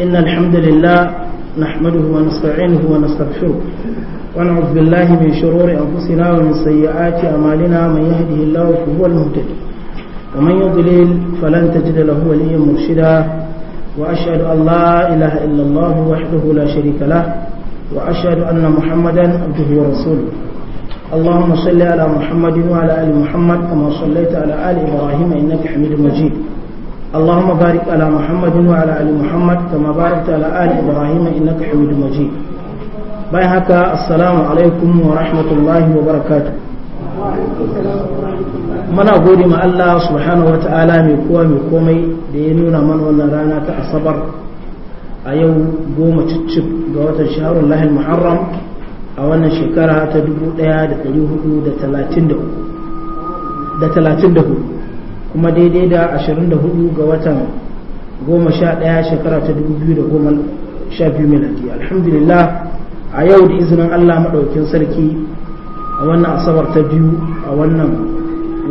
إن الحمد لله نحمده ونستعينه ونستغفره ونعوذ بالله من شرور أنفسنا ومن سيئات أعمالنا من يهده الله فهو المهتدي ومن يضلل فلن تجد له وليا مرشدا وأشهد أن لا إله إلا الله وحده لا شريك له وأشهد أن محمدا عبده ورسوله اللهم صل على محمد وعلى آل محمد كما صليت على آل إبراهيم إنك حميد مجيد اللهم بارك على محمد وعلى ال محمد كما باركت على ال ابراهيم انك حميد مجيد باي هكا السلام عليكم ورحمه الله وبركاته muna gode ma Allah subhanahu wata'ala mai kowa mai komai da ya nuna mana wannan rana ta asabar a yau goma cicci ga watan shaharun lahil muharram a wannan shekara ta hudu kuma daidai da 24 ga watan 11 shekara ta 2012 miladi alhamdulillah a yau da izinin Allah maɗaukin sarki a wannan asabar ta biyu a wannan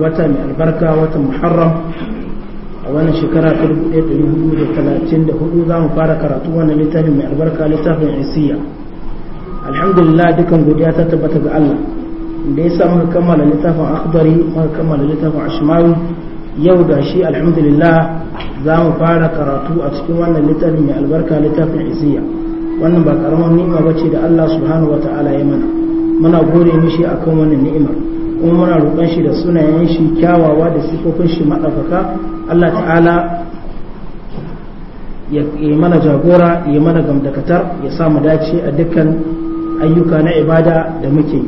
watan albarka watan muharram a wannan shekara ta 1434 za mu fara karatu wannan littafin mai albarka littafin isiya alhamdulillah dukan godiya ta tabbata ga Allah da ya sa muka kammala littafin akhbari muka kammala littafin ashmawi yau da shi alhamdulillah za mu fara karatu a cikin wannan littafin mai albarka littafin isiya wannan ba karamar ni'ima ba ce da Allah subhanahu wa ta'ala ya mana muna gode mishi akan wannan ni'imar kuma muna roƙon shi da sunayen shi kyawawa da sifofin shi maɗaukaka Allah ta'ala ya mana jagora ya mana gamdakatar ya mu dace a dukkan ayyuka na ibada da muke yi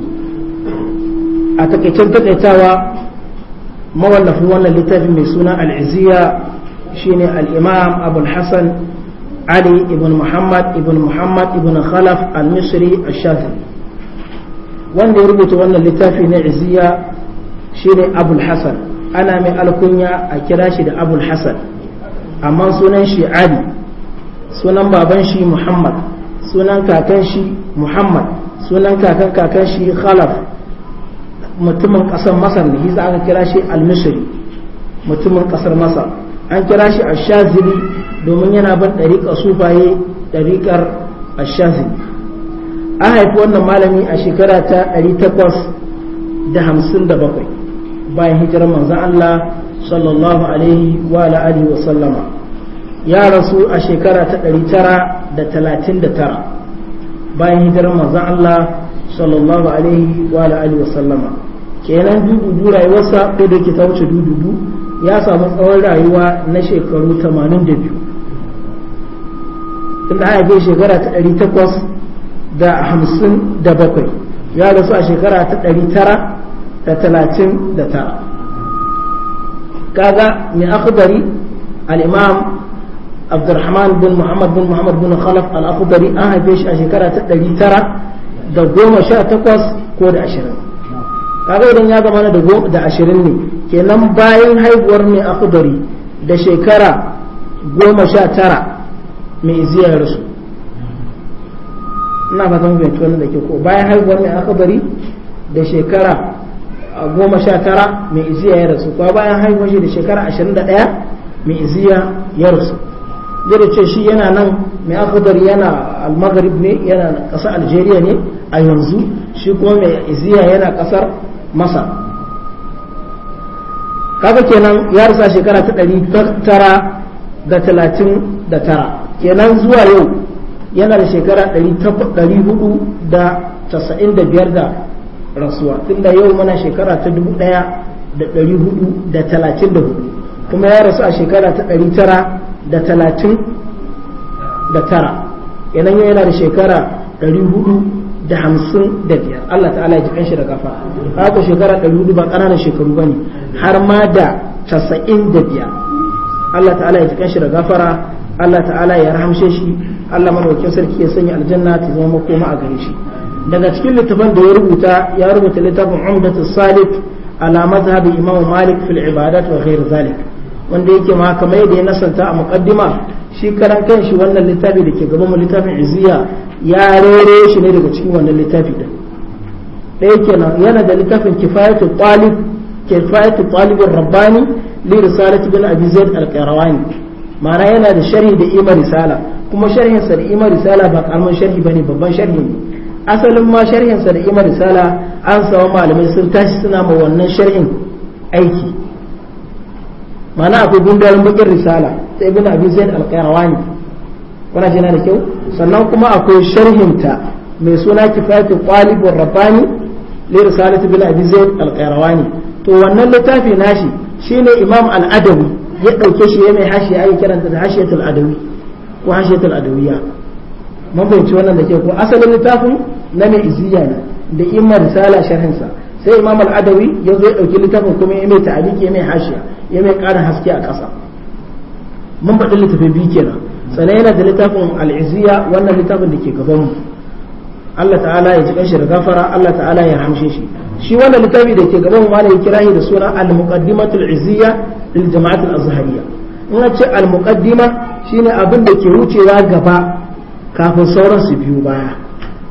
a takaicen takaitawa mawallafin wannan littafin mai suna al'iziya shine al'imam abul hassan ali ibn muhammad ibn muhammad ibn khalaf al-misri al-shafi wanda ya rubuta wannan littafi na iziya shine abul hassan ana mai alkunya a kira shi da abul hassan amma sunan shi ali sunan baban shi muhammad sunan kakan shi muhammad sunan kakan kakan shi khalaf mutumin kasar masar ne hisa aka kira shi al-misri mutumin kasar masar an kira shi ashazili domin yana ban ɗariƙar sufaye ɗariƙar ashazili an haifi wannan malami a shekara ta 857 bayan hijirar manzon Allah sallallahu alaihi wa alihi wa sallama ya rasu a shekara ta 939 bayan hijirar manzon Allah sallallahu alaihi wa alihi wa sallama kenan dududu rayuwarsa ko da ke ta wuce dududu ya samu tsawon rayuwa na shekaru 82 inda aka haife shekara ta 857 ya rasu a shekara ta 939 kaga mai akudari al-imam Abdurrahman bin Muhammad bin Muhammad bin Khalaf al an haife shi a shekara ta 918 ko da 20 kaga idan ya zama da goma da ashirin ne kenan bayan haihuwar mai akudari da shekara goma sha tara mai ziyar rasu ina zan fahimci wani da ke ko bayan haihuwar mai akudari da shekara goma sha tara mai iziya ya rasu kuma bayan haihuwar shi da shekara ashirin da ɗaya mai iziya ya rasu zai ce shi yana nan mai akudar yana almagarib ne yana ƙasar algeria ne a yanzu shi kuma mai iziya yana ƙasar masa kaga kenan ya rasa shekara ta ɗari tara da talatin da tara kenan zuwa yau yana da shekara ɗari hudu da casa'in da biyar da rasuwa tunda yau mana shekara ta dubu ɗaya da ɗari hudu da talatin da hudu kuma ya rasu a shekara ta ɗari tara da talatin da tara kenan yau yana da shekara ɗari hudu da hamsin da biyar Allah ta'ala ya jikan shi da kafa haka shekara ɗari hudu ba ƙananan shekaru ba ne har ma da tasa'in da biyar Allah ta'ala ya jikan shi da gafara Allah ta'ala ya rahamshe shi Allah madaukakin sarki ya sanya aljanna ta zama makoma a gare shi daga cikin littafin da ya rubuta ya rubuta littafin umdatu salik ala mazhabi imam malik fil ibadat wa ghair zalik wanda yake ma kamar yadda ya nasanta a muqaddima shi karan kanshi wannan littafi da ke gaba mu littafin iziya ya rere shi ne daga cikin wannan littafi din ɗaya kenan yana da littafin kifayatu talib kifayatu talibin rabbani li risalati bin abi zaid al-qarawani ma'ana yana da sharhi da ima risala kuma sharhin sa da ima risala ba karamin sharhi bane babban sharhi ne asalin ma sharhin sa da ima risala an samu malamai sun tashi suna ma wannan sharhin aiki mana akwai gundarin bakin risala ta ibn abi zaid al-qayrawani kuna jina da kyau sannan kuma akwai sharhinta mai suna kifayatu qalibur rabbani li risalati ibn abi zaid al-qayrawani to wannan littafi nashi shine imam al-adawi ya dauke shi ya mai hashi ya kiranta da hashiyatul adawi ko hashiyatul adawiya mun fahimci wannan da ke ko asalin littafin na mai iziya ne da imma risala sharhinsa sai imam al-adawi ya zo ya dauki littafin kuma ya mai ta'aliki ya mai hashiya ya mai ƙarin haske a ƙasa mun faɗi littafi biyu kenan sannan yana da littafin al'iziya wannan littafin da ke gaban mu Allah ta'ala ya ji shi da gafara Allah ta'ala ya hamshe shi shi wannan littafi da ke gaban mu malai kira shi da suna al-muqaddimatul da lil jama'at al in ce al-muqaddima shine abin da ke wucewa gaba kafin sauran su biyu baya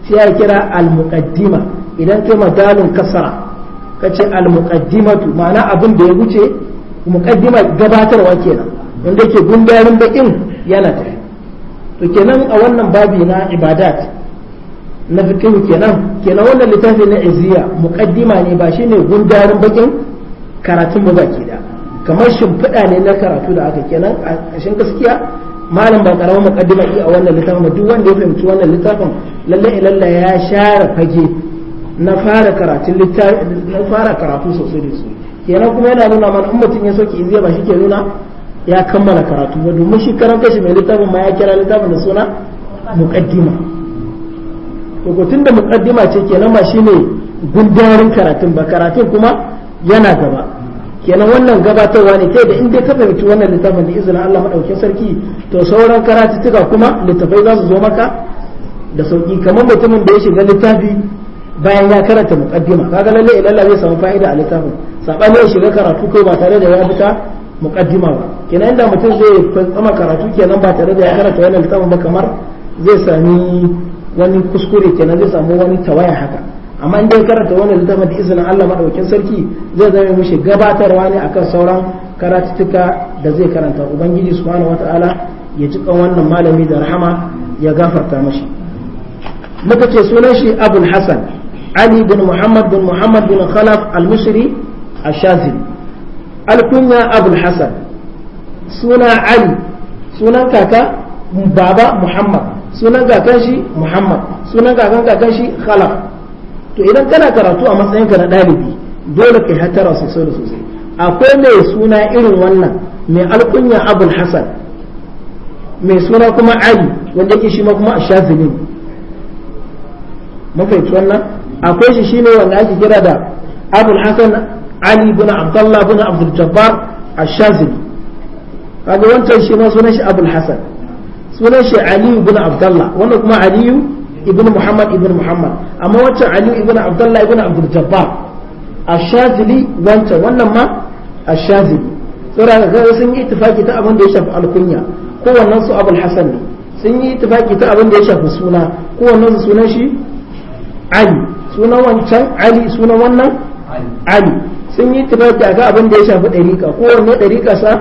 sai ya kira al-muqaddima idan kai madalin kasara kace al-muqaddimatu ma'ana abin da ya wuce muqaddima gabatarwa kenan wanda yake gundarin bakin yana tafi to kenan a wannan babi na ibadat na fiqh kenan kenan wannan littafi na iziya muqaddima ne ba shine gundarin bakin karatun ba baki da kamar shimfiɗa ne na karatu da aka kenan a gaskiya malam ba karamin muqaddima i a wannan littafin ba duk wanda ya fahimci wannan littafin lalle ilalla ya share fage na fara littafi na fara karatu sosai da sosai kenan kuma yana nuna mana in mutum ya soke in ba shi ke nuna ya kammala karatu ba domin shi karan kashi mai littafin ma ya kira littafin da suna muqaddima to ko tunda muqaddima ce kenan ba ne gundarin karatun ba karatun kuma yana gaba kenan wannan gabatarwa ne kai da in dai ka fahimci wannan littafin da izinin Allah madaukin sarki to sauran karatuttuka kuma littafai za su zo maka da sauki kamar mutumin da ya shiga littafi bayan ya karanta muqaddima kaga lalle ilalla zai samu fa'ida a littafin sabani ya shiga karatu kai ba tare da ya fita muqaddima ba kenan inda mutum zai fantsama karatu kenan ba tare da ya karanta wannan littafin ba kamar zai sami wani kuskure kenan zai samu wani tawaya haka amma in dai karanta wannan littafin da izinin Allah madaukakin sarki zai zama mishi gabatarwa ne akan sauran karatuttuka da zai karanta ubangiji subhanahu wataala ya ji wannan malami da rahama ya gafarta mashi muka ce sunan shi abul hasan علي بن محمد بن محمد بن خلف المصري الشاذلي الكنيا أبو الحسن سنة علي سنة كاكا بابا محمد سنة كاكاشي محمد سنة كاكا كاكاشي خلف to idan kana karatu a matsayinka na ɗalibi dole ka hatara sosai da sosai akwai mai suna irin wannan mai alkunya abul hasan suna kuma ali wanda yake ma kuma a shazinin akwai shi shine wanda ake kira da abul hasan ali bin abdullah bin abdul jabbar ash-shazili kaga wancan shi ma sunan shi abul hasan sunan shi ali bin abdullah wannan kuma ali ibn muhammad ibn muhammad amma wancan ali ibn abdullah ibn abdul jabbar ash-shazili wancan wannan ma ash-shazili saboda ga sun yi ittifaki ta abin da ya shafi alkunya kowannen su abul hasan ne sun yi ittifaki ta abin da ya shafi suna kowannen su sunan shi ali sunan wancan ali sunan wannan ali sun yi tafiya ga abin da ya shafi ko kowanne ɗariƙa sa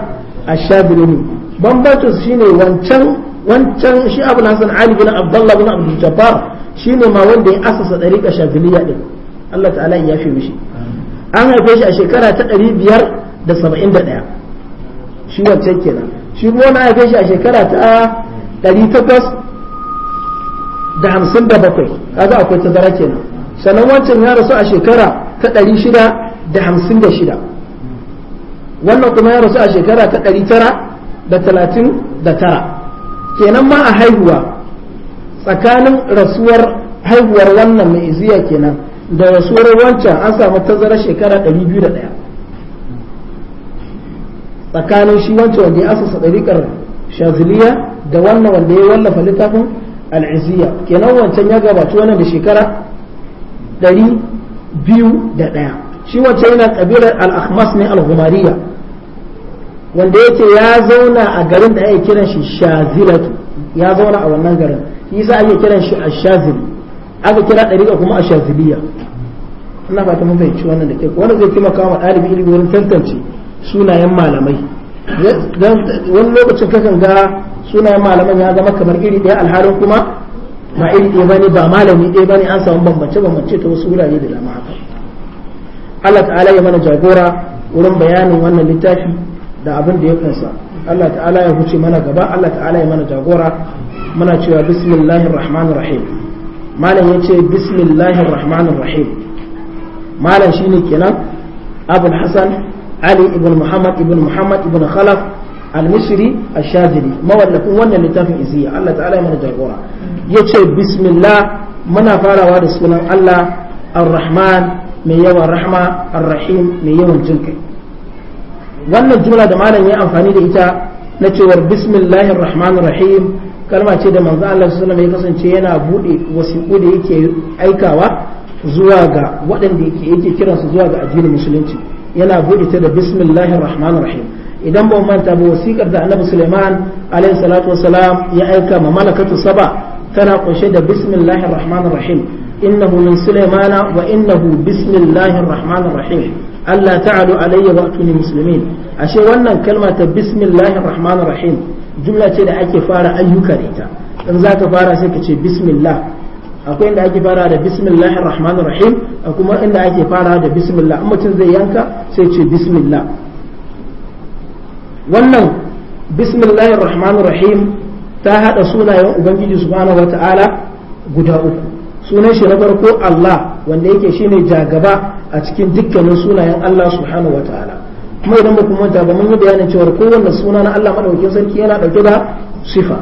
a shabiru ne bambancin shi ne wancan wancan shi abu na san ali bin abdullah bin abu jabbar shi ne ma wanda ya asasa ɗariƙa shabiliya ɗin allah ta'ala ya fi mishi an haife shi a shekara ta ɗari biyar da saba'in da ɗaya shi wancan kenan shi kuma na haife shi a shekara ta ɗari takwas da hamsin da bakwai kaga akwai tazara kenan sannan wancan ya rasu a shekara ta ɗari shida da hamsin da shida wannan kuma ya rasu a shekara ta ɗari tara da talatin da tara kenan ma a haihuwa tsakanin rasuwar haihuwar wannan mai iziya kenan da rasuwar wancan an samu tazarar shekara ɗari biyu da ɗaya tsakanin shi wancan wanda ya asasa ɗariƙar shaziliya da wannan wanda ya wallafa littafin al'iziya kenan wancan ya gabaci wannan da shekara ɗari biyu da ɗaya shi wacce yana ƙabilar al-akhmas ne al-humariya wanda yake ya zauna a garin da ake kiran shi shaziratu ya zauna a wannan garin shi za yasa ake kiran shi ash-shazili aka kira ga kuma ash-shaziliya ina fata mun fahimci wannan da ke wanda zai taimaka wa ɗalibi ilimi wurin tantance sunayen malamai wani lokacin kakan ga sunayen malaman ya zama kamar iri ɗaya alhalin kuma ba iri ɗaya bane ba malami ɗaya bane an samu bambance bambance ta wasu wurare da dama haka Allah ta'ala ya mana jagora wurin bayanin wannan littafi da abin da ya kunsa Allah ta'ala ya huce mana gaba Allah ta'ala ya mana jagora muna cewa bismillahir rahmanir rahim malam ya ce bismillahir rahmanir rahim malam shine kenan abul hasan ali ibn muhammad ibn muhammad ibn khalaf al-misri al-shadili mawallafin wannan littafin isiya Allah ta'ala ya mana jagora ya ce bismillah muna farawa da sunan Allah ar-rahman mai yawan rahma ar-rahim mai yawan jin wannan jumla da malam ya amfani da ita na cewar bismillahir rahmanir rahim kalma ce da manzo Allah sallallahu ya kasance yana bude wasiƙu da yake aikawa zuwa ga waɗanda yake yake kiransu zuwa ga addinin musulunci yana bude ta da bismillahir rahmanir rahim idan ba manta ba wasiƙar da annabi Suleiman alaihi salatu wasalam ya aika ma malakatu saba tana kunshe da bismillahir rahmanir rahim innahu min sulaymana wa innahu bismillahir rahmanir rahim Allah ta'alu alayya wa atuni muslimin ashe wannan kalma ta bismillahir rahmanir rahim jumla ce da ake fara ayyuka da ita in zaka fara sai ka ce bismillah akwai inda ake fara da bismillahir rahmanir rahim kuma inda ake fara da bismillah in mutum zai yanka sai ce bismillah wannan bismillahir rahmanir rahim ta haɗa sunayen ubangiji subhanahu wata'ala guda uku sunan shi na farko Allah wanda yake shine jagaba a cikin dukkanin sunayen Allah subhanahu wata'ala kuma idan ba kuma ba mun yi bayanin cewa kowanne suna na Allah madaukakin sarki yana dauke da sifa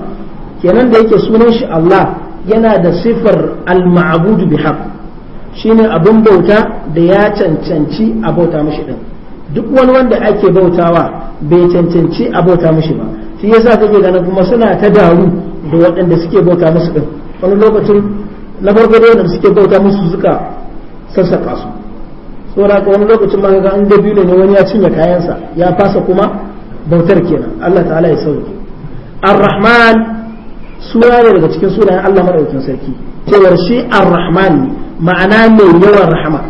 kenan da yake sunan shi Allah yana da sifar al mabud bi haqq shine abin bauta da ya cancanci a bauta mashi din duk wani wanda ake bautawa bai cancanci a bauta mashi ba shi yasa kake ganin kuma suna ta daru da waɗanda suke bauta musu din wani lokacin na farko da waɗanda suke bauta musu suka sassaƙa su saboda ka wani lokacin ma ga an dabino ne wani ya cinye kayansa ya fasa kuma bautar kenan Allah ta'ala ya sauke ar-rahman suna ne daga cikin sunayen Allah maɗaukin sarki cewar shi ar-rahman ne ma'ana mai yawan rahama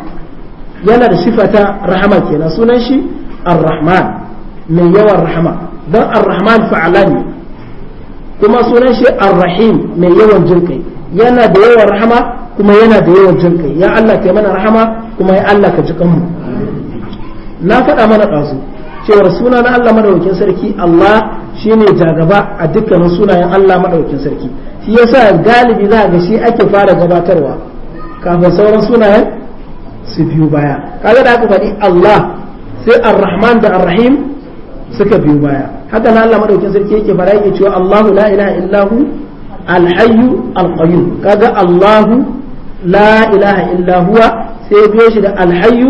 yana da sifata rahama kenan sunan shi ar-rahman mai yawan rahama don arrahman rahman fa'ala ne kuma sunan shi ar mai yawan jinkai yana da yawan rahama kuma yana da yawan jinkai ya Allah kai mana rahama kuma ya Allah ka ji kanmu na faɗa mana ɗazu cewa suna na Allah madaukakin sarki Allah shine jagaba a dukkanin sunayen Allah madaukakin sarki shi yasa galibi za ga shi ake fara gabatarwa kafin sauran sunayen su biyu baya kaga da aka faɗi Allah sai arrahman da arrahim suka biyo baya haka na Allah madaukin sarki yake bara yake cewa Allahu la ilaha illahu al-hayyu al-qayyum kaga Allahu la ilaha illa huwa sai biyo shi da al-hayyu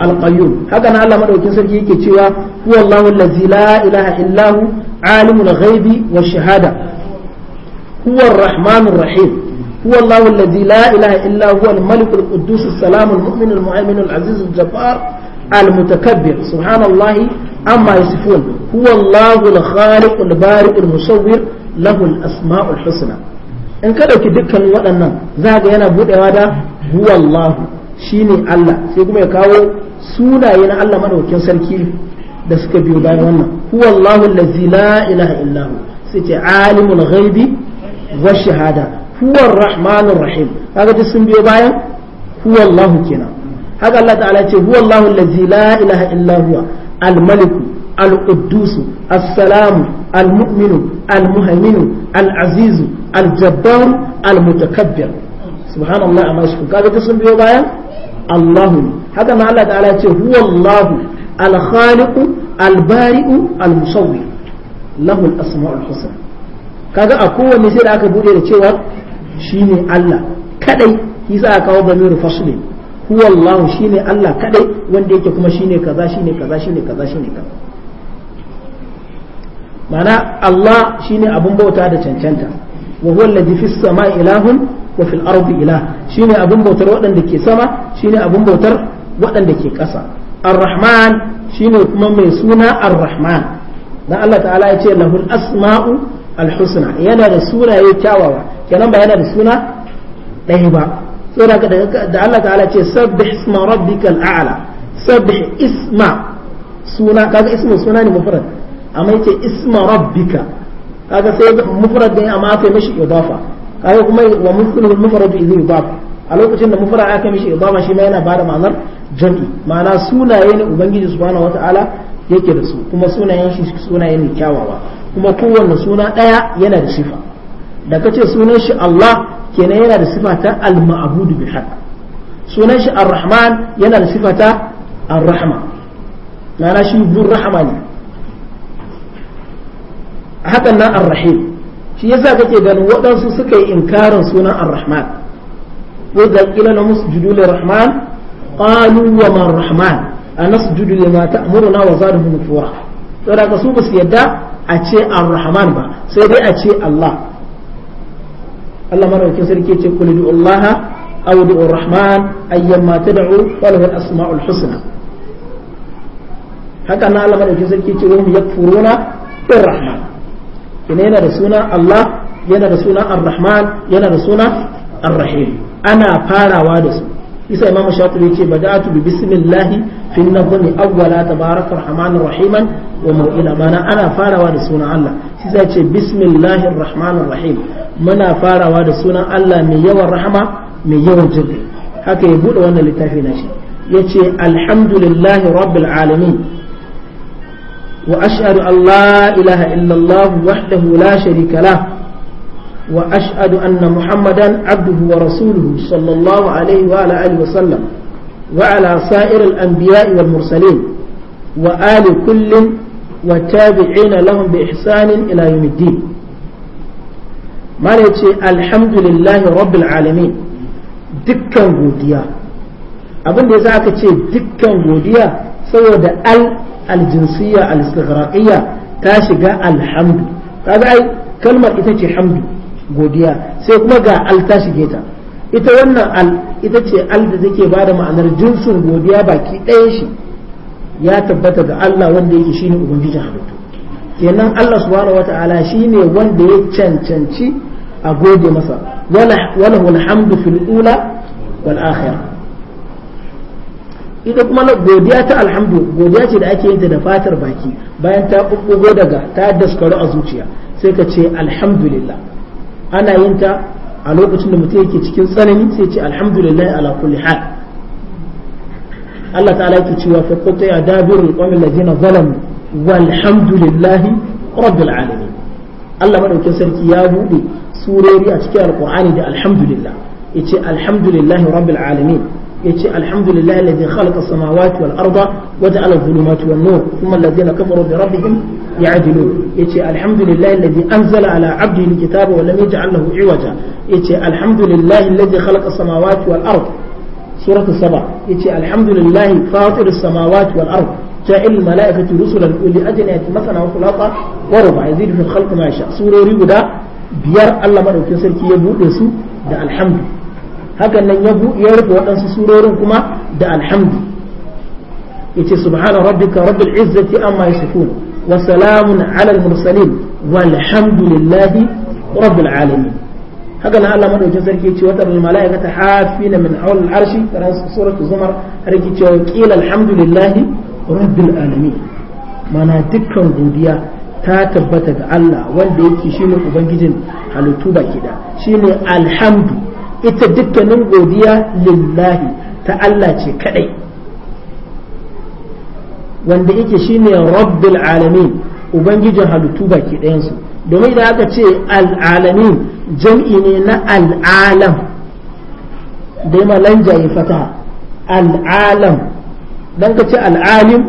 al-qayyum haka na Allah madaukin sarki yake cewa huwa Allahu allazi la ilaha illa illahu alimul ghaibi wa shahada huwa ar-rahmanur rahim هو الله الذي لا إله إلا هو الملك القدوس السلام المؤمن المهيمن العزيز الجبار المتكبر سبحان الله amma yasifun huwa Allahu al-khaliqu al-bari'u al-musawwir lahu al-asma'u husna in ka dauki dukkan waɗannan za ga yana budewa da huwa Allahu shine Allah sai kuma ya kawo sunaye na Allah madaukakin sarki da suka biyo bayan wannan huwa Allahu allazi la ilaha illa hu sai ce alimul ghaibi wa shahada huwa ar rahim kaga duk sun biyo bayan huwa Allahu kenan haka Allah ta'ala ce huwa Allahu allazi la ilaha illa huwa الملك القدوس السلام المؤمن المهيمن العزيز الجبار المتكبر سبحان الله أما يشكر قال جسم بيوبايا الله هذا ما الله تعالى هو الله الخالق البارئ المصور له الأسماء الحسنى kaga a kowanne sai da aka bude da cewa shine Allah kadai yasa aka kawo bamiru faslin huwa Allah shine Allah kadai wanda yake kuma ne kaza shine kaza shine kaza ne kaza mana Allah ne abun bauta da cancanta wa huwa alladhi fis sama'i ilahun wa fil ardi ilah shine abun bautar waɗanda ke sama ne abun bautar waɗanda ke ƙasa ar-rahman shine kuma mai suna ar-rahman dan Allah ta'ala ya ce lahul asma'u al-husna yana da sunaye kyawawa kenan ba yana da suna ɗaya ba saboda da Allah ta'ala ce sabbih isma rabbikal a'la sabbih isma suna kaga ismu suna ne mufrad amma yace isma rabbika kaga sai mufrad ne amma aka mishi idafa kaga kuma wa mumkinu mufrad idhi idafa a lokacin da mufrad aka mishi idafa shi ma yana ba da ma'anar jami ma'ana sunaye ne ubangiji subhanahu wata'ala yake da su kuma sunayen shi sunaye ne kyawawa kuma kowanne suna daya yana da sifa da kace sunan shi Allah kenan yana da sifa ta al-ma'budu bi haqq sunan shi ar-rahman yana da sifa ta ar-rahma shi hakan nan ar-rahim shi yasa kake ganin waɗansu suka yi inkarin sunan ar-rahman wadda kila na musjudu lir-rahman qalu wa ma ar-rahman anasjudu lima ta'muruna wa zaduhum nufura saboda ka su ba su yadda a ce ar-rahman ba sai dai a ce Allah Allah madaukakin sarki ce kul du Allah aw du Rahman ma tad'u walahu al-asma'ul husna haka nan Allah madaukakin sarki ce wahum yakfuruna bir Rahman ina yana da suna Allah yana da suna Ar-Rahman yana da suna Ar-Rahim ana farawa da su isa imam shafi'i ce bada'atu bi bismillahi fi nabuni awwala tabaraka rahman rahiman wa maw'ila mana ana farawa da sunan Allah shi ce bismillahir rahmanir rahim muna farawa da sunan Allah mai yawan rahama mai yawan jirgi haka ya bude wannan littafi na shi yace alhamdulillahi rabbil alamin wa ashhadu an la ilaha illallah wahdahu la sharika lahu وأشهد أن محمدا عبده ورسوله صلى الله عليه وعلى آله وسلم وعلى سائر الأنبياء والمرسلين وآل كل والتابعين لهم بإحسان إلى يوم الدين ما الحمد لله رب العالمين دكا وديا abin da za ka ce dukkan godiya saboda al aljinsiyya al ta shiga alhamdu kaga ai kalmar ita ce hamdu godiya sai kuma ga al ta shige ta ita wannan al ita ce al da take ba da ma'anar jinsin godiya baki ɗaya shi ya tabbata ga Allah wanda yake shine ubangijin halittu kenan Allah subhanahu wata'ala shine wanda ya cancanci a gode masa wala wal hamdu fil ula wal akhirah ita kuma godiya ta alhamdu godiya ce da ake yin ta da fatar baki bayan ta bubbugo daga ta daskaru a zuciya sai ka ce alhamdulillah ana yin ta a lokacin da mutum yake cikin tsanani sai ce alhamdulillah ala kulli hal Allah ta'ala yake cewa fa qata ya dabirul qawmi alladhina zalamu walhamdulillah rabbil alamin Allah madaukin sarki ya bude surori a cikin alqur'ani da alhamdulillah yace alhamdulillah rabbil alamin yace alhamdulillah alladhi khalaqa samawati wal arda wa ja'ala adh-dhulumati wan nur thumma alladhina kafaru bi rabbihim يعدلون يتي الحمد لله الذي أنزل على عبده الكتاب ولم يجعل له عوجا يتي الحمد لله الذي خلق السماوات والأرض سورة السبع يتي الحمد لله فاطر السماوات والأرض جاء الملائكة رسلا أولي أجنة مثنى وثلاثة وربع يزيد في الخلق ما يشاء سورة ريبدا بيار الله مدعوكي سركي يبوء يسوء ده الحمد hakan nan ya ya rufe waɗansu surorin kuma da alhamdu yace subhana rabbika rabbil izzati amma yasifun وسلام على المرسلين والحمد لله رب العالمين هكذا الله ما يجزر كيتي وترى الملائكة حافين من حول العرش سورة الزمر ركيتي وقيل الحمد لله رب العالمين mana dukkan godiya ta tabbata ga Allah wanda yake shine ubangijin halittu ba da shine alhamdu ita dukkanin godiya lillahi ta Allah ce kadai wanda yake shine rabbul alamin ubangijin halittu baki ɗayansu domin da aka ce al'alamin jam'i ne na al'alam da yi malanja ya fata al'alam don ka ce al'alim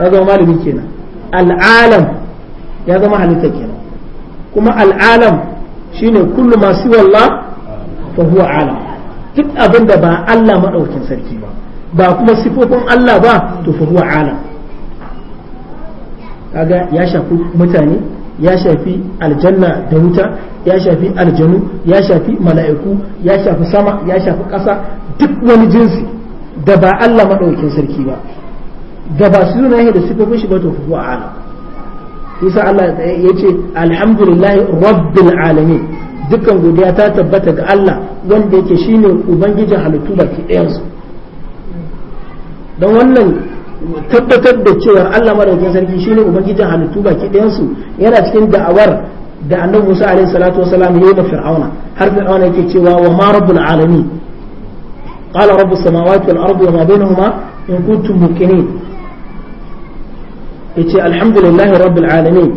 ya zama malami kenan al'alam ya zama halitta kenan kuma al'alam shine kullu ma siwallah fa huwa alam duk abin da ba Allah maɗaukin sarki ba ba kuma sifofin Allah ba to fa huwa alam kaga ya shafi mutane ya shafi aljanna da wuta ya shafi aljanu ya shafi mala'iku ya shafi sama ya shafi ƙasa duk wani jinsi da ba Allah maɗaukin sarki ba da ba su nuna da sifofin shi ba to fuwa ala isa Allah ya ce alhamdulillahi rabbil alamin dukkan godiya ta tabbata ga Allah wanda yake shine ubangijin halittu baki ɗayansu don wannan tabbatar da cewa Allah madaukakin sarki shine ubangiji halittu baki ɗayan su yana cikin da'awar da annabi Musa alaihi salatu wasalam yayi da Fir'auna har Fir'auna yake cewa wa ma rabbul alamin qala rabbus samawati wal ardi wa ma bainahuma in kuntum muqinin yace alhamdulillahi rabbil alamin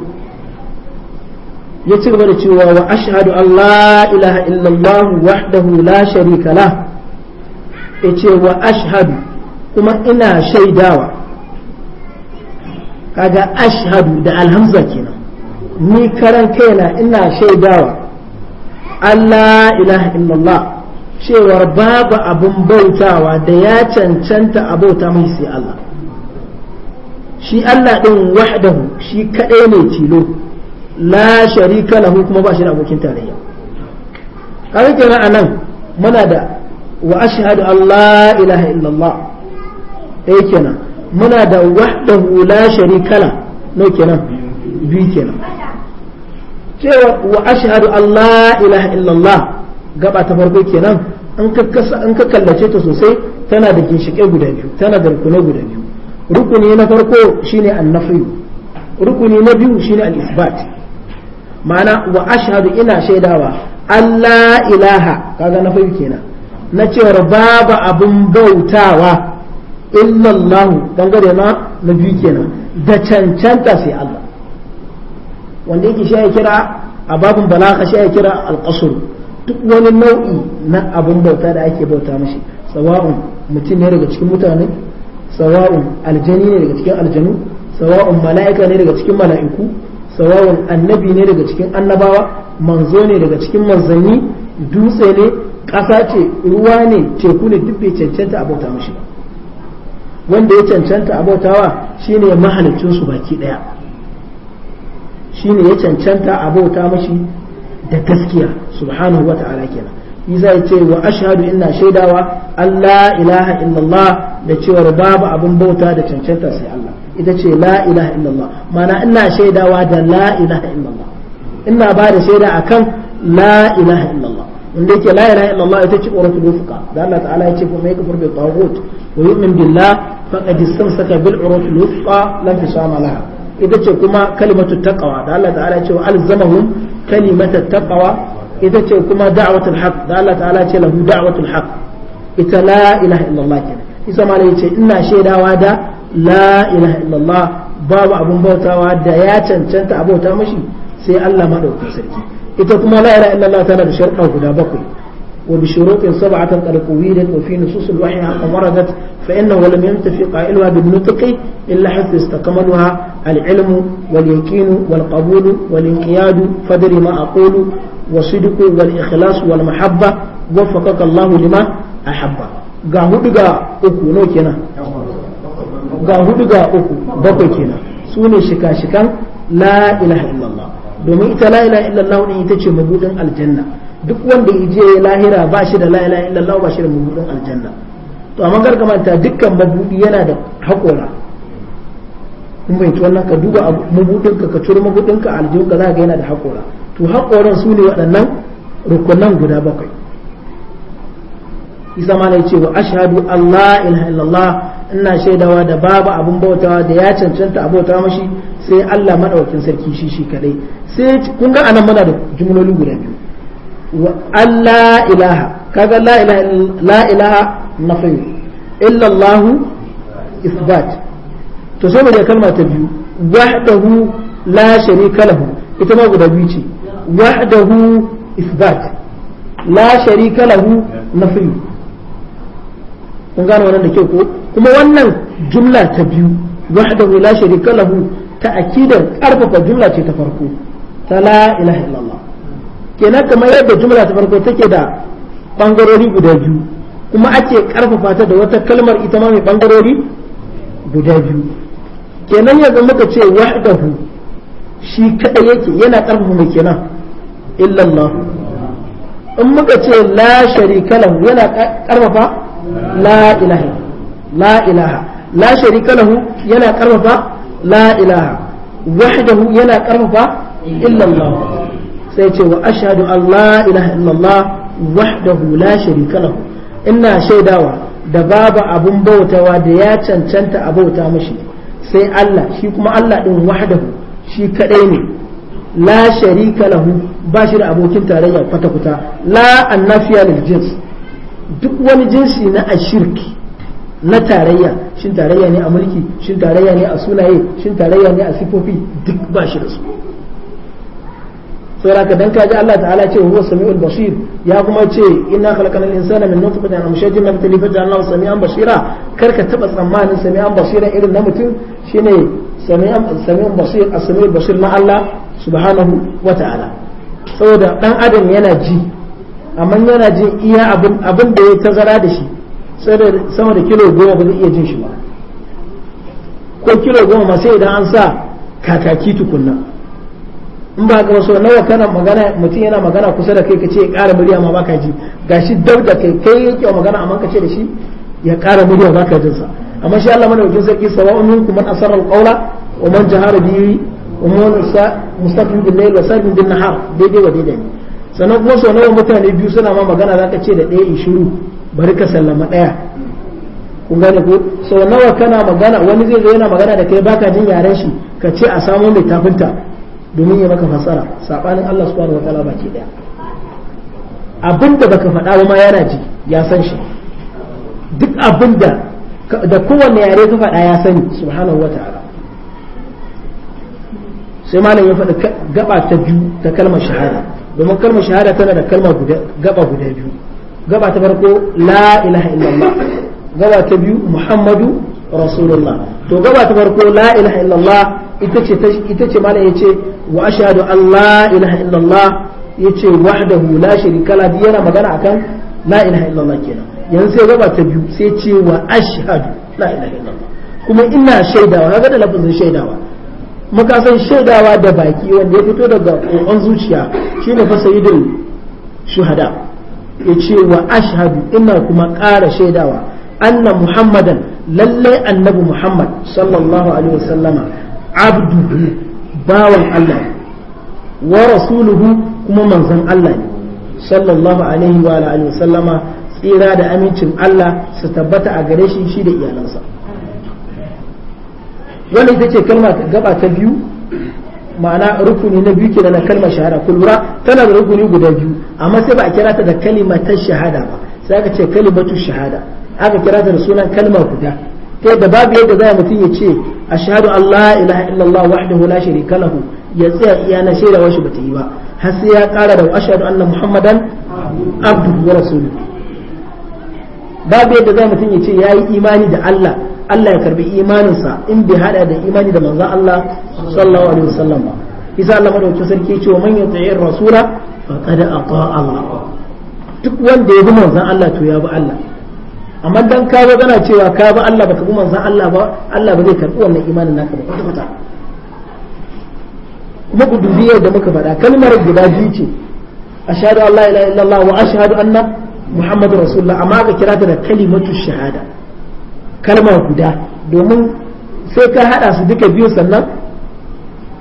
ya ci gaba da cewa wa ashhadu an la ilaha illallah wahdahu la sharika lah yace wa ashhadu kuma ina shaidawa kaga ashhadu da alhamza kenan ni karan kaina ina shaidawa Allah ilaha illallah cewar babu abin bautawa da ya cancanta a bauta mai sai Allah shi Allah ɗin wahdahu shi kaɗai ne tilo la sharika lahu kuma ba shi da abokin tarayya kawai a nan muna da wa ashhadu Allah ilaha illallah ɗaya kenan muna da wahdahu hula shari kala kenan biyu kenan cewa wa ashhadu Allah ilaha illallah gaba ta farko kenan an ka kallace ta sosai tana da ginshiƙe guda biyu tana da rukunai guda biyu rukuni na farko shine annafiyu rukuni na biyu shine al-isbat ma'ana wa ashhadu ina shaidawa Allah ilaha kaga na fayu kenan na cewar babu abin bautawa illallahu dangare na na biyu kenan da cancanta sai Allah wanda yake shi ya kira a babin balaka shi ya kira alqasr duk wani nau'i na abin bauta da ake bauta mashi sawa'un mutum ne daga cikin mutane sawa'un aljani ne daga cikin aljanu sawa'un mala'ika ne daga cikin mala'iku sawa'un annabi ne daga cikin annabawa manzo ne daga cikin manzanni dutse ne ƙasa ce ruwa ne teku ne duk bai cancanta a bauta mashi ba wanda ya cancanta abautawa shine mahalicin su baki shi shine ya cancanta abauta mashi da gaskiya subhanahu wa ta'ala kenan yi zai ce wa ashhadu ina shaidawa Allah ilaha illallah da cewar babu abin bauta da cancanta sai Allah ita ce la ilaha illallah mana ina shaidawa da la ilaha illallah ina ba da shaida akan la ilaha illallah inda yake la ilaha illallah ita ce ƙoratu wuthqa da Allah ta'ala ya ce fa mai kafir bi taghut wa yu'min billah faqad istamsaka bil urwatil wuthqa lam fisama laha ita ce kuma kalimatu taqwa da Allah ta'ala ce wa alzamahum kalimatu taqwa ita ce kuma da'watul haqq da Allah ta'ala ce lahu da'watul haqq ita la ilaha illallah kenan isa ce ina shaidawa da la ilaha illallah babu abun bautawa da ya cancanta abota mashi sai Allah madaukakin sarki ita kuma la ilaha illallah tana da sharɗa guda bakwai وبشروط سبعة قد قويلت وفي نصوص الوحي حق وردت فإنه لم ينتفي قائلها بالنطق إلا حيث استكملها العلم واليقين والقبول والانقياد فدري ما أقول وصدق والإخلاص والمحبة وفقك الله لما أحب ga أكو نوكينا uku أكو kenan سوني شكا شكا لا إله إلا الله ne shika-shikan la ilaha illallah domin ita la ilaha duk wanda ya je lahira ba shi da la ilaha illallah ba shi da mabudin aljanna to amma kar manta dukkan mabudi yana da hakora kun to wannan ka duba mabudin ka ka ciro mabudin ka aljihun ka zaka yana da hakora to hakoran su ne waɗannan rukunan guda bakwai isa ma ce wa ashhadu allah ilaha illallah ina shaidawa da babu abun bautawa da ya cancanta abota mashi sai Allah maɗaukin sarki shi shi kadai sai kun ga anan muna da jumloli guda biyu an la ilaha kaga la ilaha la ilaha nafi illa allah isbat to saboda kalma ta biyu wahdahu la sharika lahu ita ma guda biyu ce wahdahu isbat la sharika lahu nafi kun gano wannan da kyau ko kuma wannan jumla ta biyu wahdahu la sharika lahu ta akidar karfafa jumla ce ta farko ta la ilaha illallah kenan kamar yadda jumla ta farko take da bangarori guda biyu kuma ake karfafa ta da wata kalmar ita ma mai bangarori guda biyu kenan yanzu muka ce wahdahu shi kadai yake yana karfafa mai kenan illallah in muka ce la sharika lahu yana karfafa la ilaha la ilaha la sharika lahu yana karfafa la ilaha wahdahu yana karfafa illallah sai ce wa ashadu allah ila ilaha illallah wahdahu la sharika lahu ina shaidawa da babu abun bautawa da ya cancanta a bauta mashi sai Allah shi kuma Allah ɗin wahdahu shi kadai ne la sharika lahu ba shi da abokin tarayya kwata kuta la annafiya lil jins duk wani jinsi na ashirki na tarayya shin tarayya ne a mulki shin tarayya ne a sunaye shin tarayya ne a sifofi duk ba da su saboda dan kaji Allah ta'ala ce huwa samiul basir ya kuma ce inna khalaqnal insana min nutfatin amshajin nabtali faj'alnahu samian basira kar ka taba tsammanin samian basira irin na mutum shine samian samian basir as-samiul basir na Allah subhanahu wa ta'ala saboda dan adam yana ji amma yana jin iya abin abin da ya tazara da shi sama da kilo goma ba zai iya jin shi ba ko kilo goma sai idan an sa kakaki tukunna in ba ka so nawa kana magana mutum yana magana kusa da kai ka ce ya ƙara murya ma baka ji gashi dab da kai kai yake magana amma ka ce da shi ya ƙara murya baka jin sa amma shi Allah madaukakin sarki sawa'un minkum man asarra al-qawla wa man jahara bihi wa man sa mustaqim bil-layl wa sajid bil nahar daidai wa daidai sannan kuma so nawa mutane biyu suna ma magana zaka ce da ɗaya in shiru bari ka sallama ɗaya kun gane ko so nawa kana magana wani zai zo yana magana da kai baka jin yaren shi ka ce a samo tafinta. domin ya maka fasara saɓanin Allah subhanahu wa ta'ala baki daya abinda baka faɗa ba ma yana ji ya san shi duk abinda da kowanne yare ka faɗa ya sani subhanahu wa ta'ala sai malam ya faɗi gaba ta biyu ta kalmar shahada domin kalmar shahada tana da kalmar gaba guda biyu gaba ta farko la ilaha illallah gaba ta biyu muhammadu rasulullah to gaba ta farko la ilaha illallah ita ce ya ce yace wa ashhadu an la ilaha illallah yace wahdahu la sharika la yana magana akan la ilaha illallah kenan yanzu sai gaba ta biyu sai ce wa ashhadu la ilaha illallah kuma ina shaidawa kaga da lafazin shaidawa muka san shaidawa da baki wanda ya fito daga kokon zuciya shine fa sayyidul shuhada yace wa ashhadu ina kuma ƙara shaidawa anna muhammadan lallai annabi muhammad sallallahu alaihi wasallama abduhu bawan Allah wa rasuluhu kuma manzon Allah ne sallallahu alaihi wa alihi sallama tsira da amincin Allah su tabbata a gare shi shi da iyalansa wannan ita ce kalma gaba ta biyu ma'ana rukuni na biyu kenan na kalmar shahada kulura tana da rukuni guda biyu amma sai ba a kira ta da kalimatar shahada ba sai aka ce kalimatu shahada aka kira ta da sunan kalma guda ta yadda babu yadda za mutum ya ce ashhadu an la ilaha illallah wahdahu la sharika lahu ya tsaya ya na shaida washi bata yi ba har sai ya kara da ashadu anna muhammadan abduhu wa rasuluhu babu yadda zai mutum ya ce ya yi imani da Allah Allah ya karbi imaninsa in bai haɗa da imani da manzon Allah sallallahu alaihi wasallam ba isa Allah madaukakin sarki ya ce wa man yuti'ir rasula faqad ata Allah duk wanda ya bi manzon Allah to ya bi Allah amma dan ka zo kana cewa ka ba Allah baka bi manzon Allah ba Allah ba zai karbi wannan imanin naka ba kwata kwata kuma ku dubi yadda muka faɗa kalmar guda biyu ce ashhadu an la ilaha illallah wa ashhadu anna muhammadur rasulullah amma ka kira ta da kalimatu shahada kalma guda domin sai ka hada su duka biyu sannan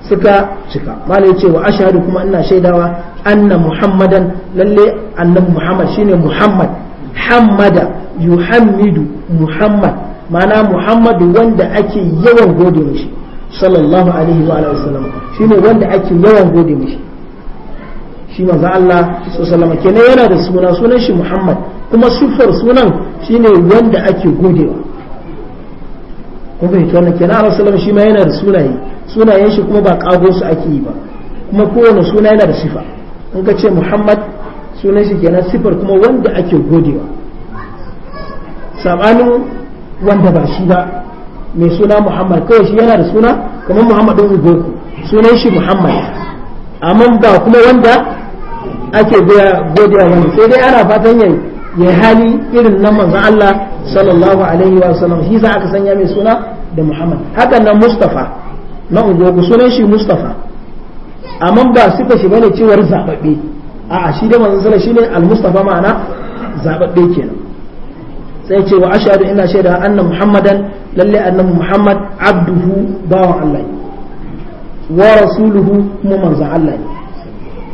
suka cika malai ce wa ashhadu kuma ina shaidawa anna muhammadan lalle annabi muhammad shine muhammad hammada yuhammidu muhammad ma'ana muhammadu wanda ake yawan gode mishi sallallahu alaihi wa sallam wasallam shine wanda ake yawan gode mishi shi maza Allah sallallahu alaihi kenan yana da suna sunan shi muhammad kuma siffar sunan shine wanda ake godewa kuma fahimci wannan kenan Allah sallallahu shi ma yana da sunaye sunayen shi kuma ba kago su ake yi ba kuma kowane suna yana da sifa in ka ce muhammad sunan shi kenan sifar kuma wanda ake godewa sabanin wanda ba shi ba mai suna muhammad kawai shi yana da suna kamar muhammad ibn boko sunan shi muhammad amma ba kuma wanda ake godiya wani sai dai ana fatan yayi ya hali irin nan manzon Allah sallallahu alaihi wa sallam shi za aka sanya mai suna da muhammad hakan nan mustafa na ungogo sunan shi mustafa amma ba suka shi bane cewar zababbe a'a shi da manzon sallallahu shine al-mustafa ma'ana zababbe kenan sai ce wa ashhadu ina shaida anna muhammadan lalle annabi muhammad abduhu bawan Allah wa rasuluhu kuma manzon Allah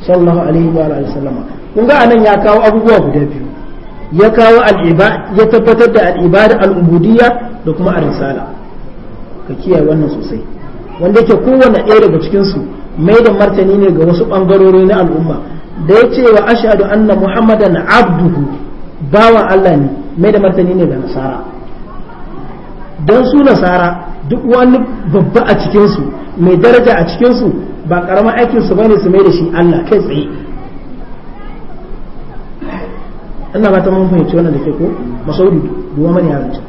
sallallahu alaihi wa alihi wasallama kun ga anan ya kawo abubuwa guda biyu ya kawo ya tabbatar da al'ibada al'ubudiyya da kuma a ka kiyaye wannan sosai wanda yake kowanne ɗaya daga cikinsu mai da martani ne ga wasu bangarori na al'umma da ya ce wa ashadu anna muhammadan abduhu bawa allah ne mai da martani ne ga nasara don su nasara duk wani babba a cikinsu mai daraja a cikinsu ba karamar aikinsu ba ne su mai da shi Allah kai tsaye ina ba ta mun fahimci wannan da ke ko masaudi duwa mani yaranci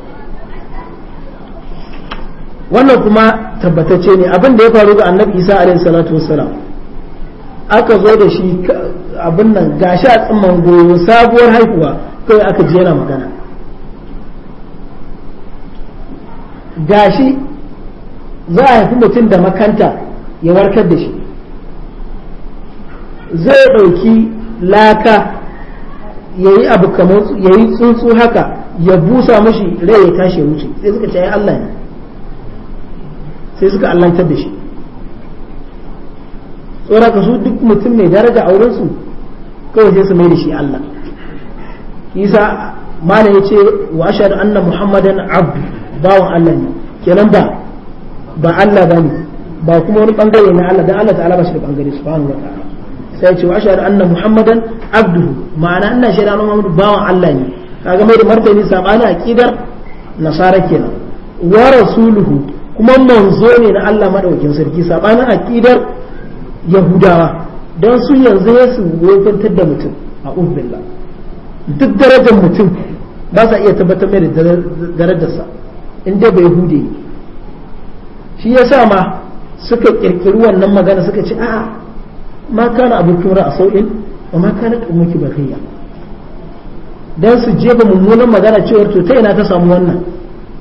wannan kuma tabbatacce ne abin da ya faru ga annabi isa alaihi salatu wassalam aka zo da shi abin nan gashi a tsimman goyo sabuwar haihuwa kai aka ji yana magana gashi za a haifi mutum da makanta ya warkar da shi zai ɗauki laka ya yi abu kamar ya yi tsuntsu haka ya busa mashi rai ya tashi ya wuce sai suka ce Allah ne sai suka allantar da shi tsoraka su duk mutum mai daraja a wurinsu kawai sai su mai da shi Allah isa malam ya ce wa ashadu anna muhammadan abdu bawan Allah ne kenan ba ba Allah bane ba kuma wani bangare na Allah dan Allah ta'ala ba shi da bangare subhanahu wa ta'ala sai ce wa ashhadu anna muhammadan abduhu ma'ana anna shi annabi muhammadu bawan Allah ne kaga mai da martani sabani aqidar nasara kenan wa rasuluhu kuma manzo ne na Allah madaukakin sarki sabanin aqidar yahudawa don su yanzu ya su wofantar da mutum a ubillah duk darajar mutum ba sa iya tabbatar mai da darajarsa in bai hude shi ya sa ma suka ƙirƙiri wannan magana suka ce a'a ma kana abokin ra'a sau'in wa ma kana ummuki bakiya dan su jefa mummunan magana cewar to ta ina ta samu wannan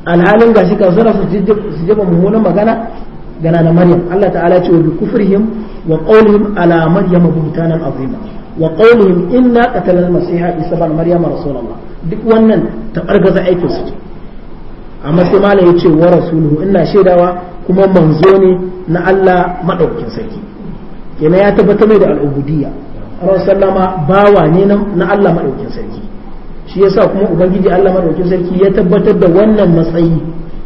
alhalin gashi kasuwa su jefa mummunan magana gana na maryam Allah ta'ala ce wa bi kufrihim wa qawlihim ala maryam buhtanan azima wa qawlihim inna qatalna masiha isa ibn maryam rasulullah duk wannan ta bargaza aikin su amma sai malam yace wa rasuluhu ina shaidawa kuma manzo ne na Allah madaukakin sarki kenan ya tabbatar mai da al'ubudiyya Allah sallama bawa ne na Allah madaukakin sarki shi yasa kuma ubangiji Allah madaukakin sarki ya tabbatar da wannan matsayi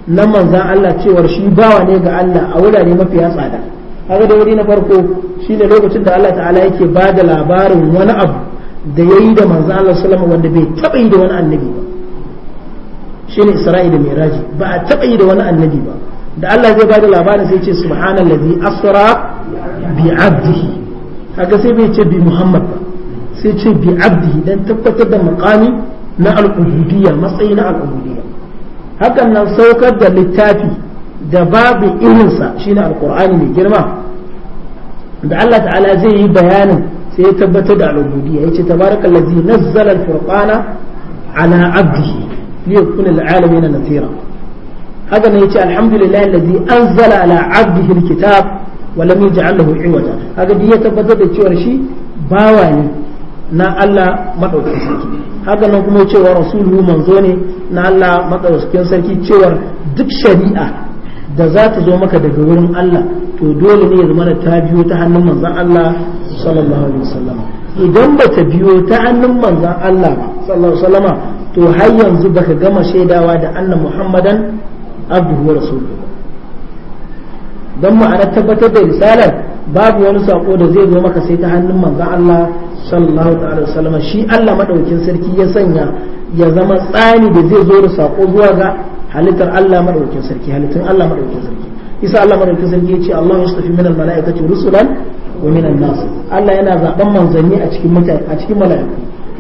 na manzan Allah cewar shi bawa ne ga Allah a wurare mafiya tsada kaga da wuri na farko shi ne lokacin da Allah ta'ala yake ba da labarin wani abu da ya yi da manzan Allah sallama wanda bai taɓa yi da wani annabi ba shine Isra'i da Miraji ba a taba yi da wani annabi ba da Allah zai bada labarin sai ce subhanallazi asra bi abdihi haka sai bai ce bi Muhammad ba sai ce bi abdihi dan tabbatar da muqami na al-ubudiyya matsayi na al-ubudiyya hakan nan saukar da littafi da babu irinsa shine alkur'ani mai girma da Allah ta'ala zai yi bayanin sai ya tabbatar da al-ubudiyya yace tabarakallazi nazzala al-furqana ala abdihi ليكون للعالمين نذيرا هذا ما يجي الحمد لله الذي أنزل على عبده الكتاب ولم يجعل له عوجا هذا دي يتبدأ بتشوار شيء باواني نا الله مدعوكين سركي هذا ما كما يجي ورسوله منزوني نا الله مدعوكين سركي تشوار دك شريعة da za ta zo maka daga wurin Allah to dole ne ya zama da ta biyo ta hannun manzon Allah sallallahu alaihi wasallam idan ba ta biyo ta hannun manzon Allah sallallahu alaihi wasallama to har yanzu baka gama shaidawa da anna muhammadan abduhu wa rasuluhu don ma'ana tabbatar da risalar babu wani sako da zai zo maka sai ta hannun manzon Allah sallallahu ta'ala wasallam shi Allah madaukin sarki ya sanya ya zama tsani da zai zo da sako zuwa ga halittar Allah madaukin sarki halittun Allah madaukin sarki isa Allah madaukin sarki ya ce Allah yastafi minal malaikati rusulan wa minan nas Allah yana zaben manzanni a cikin mutane a cikin mala'iku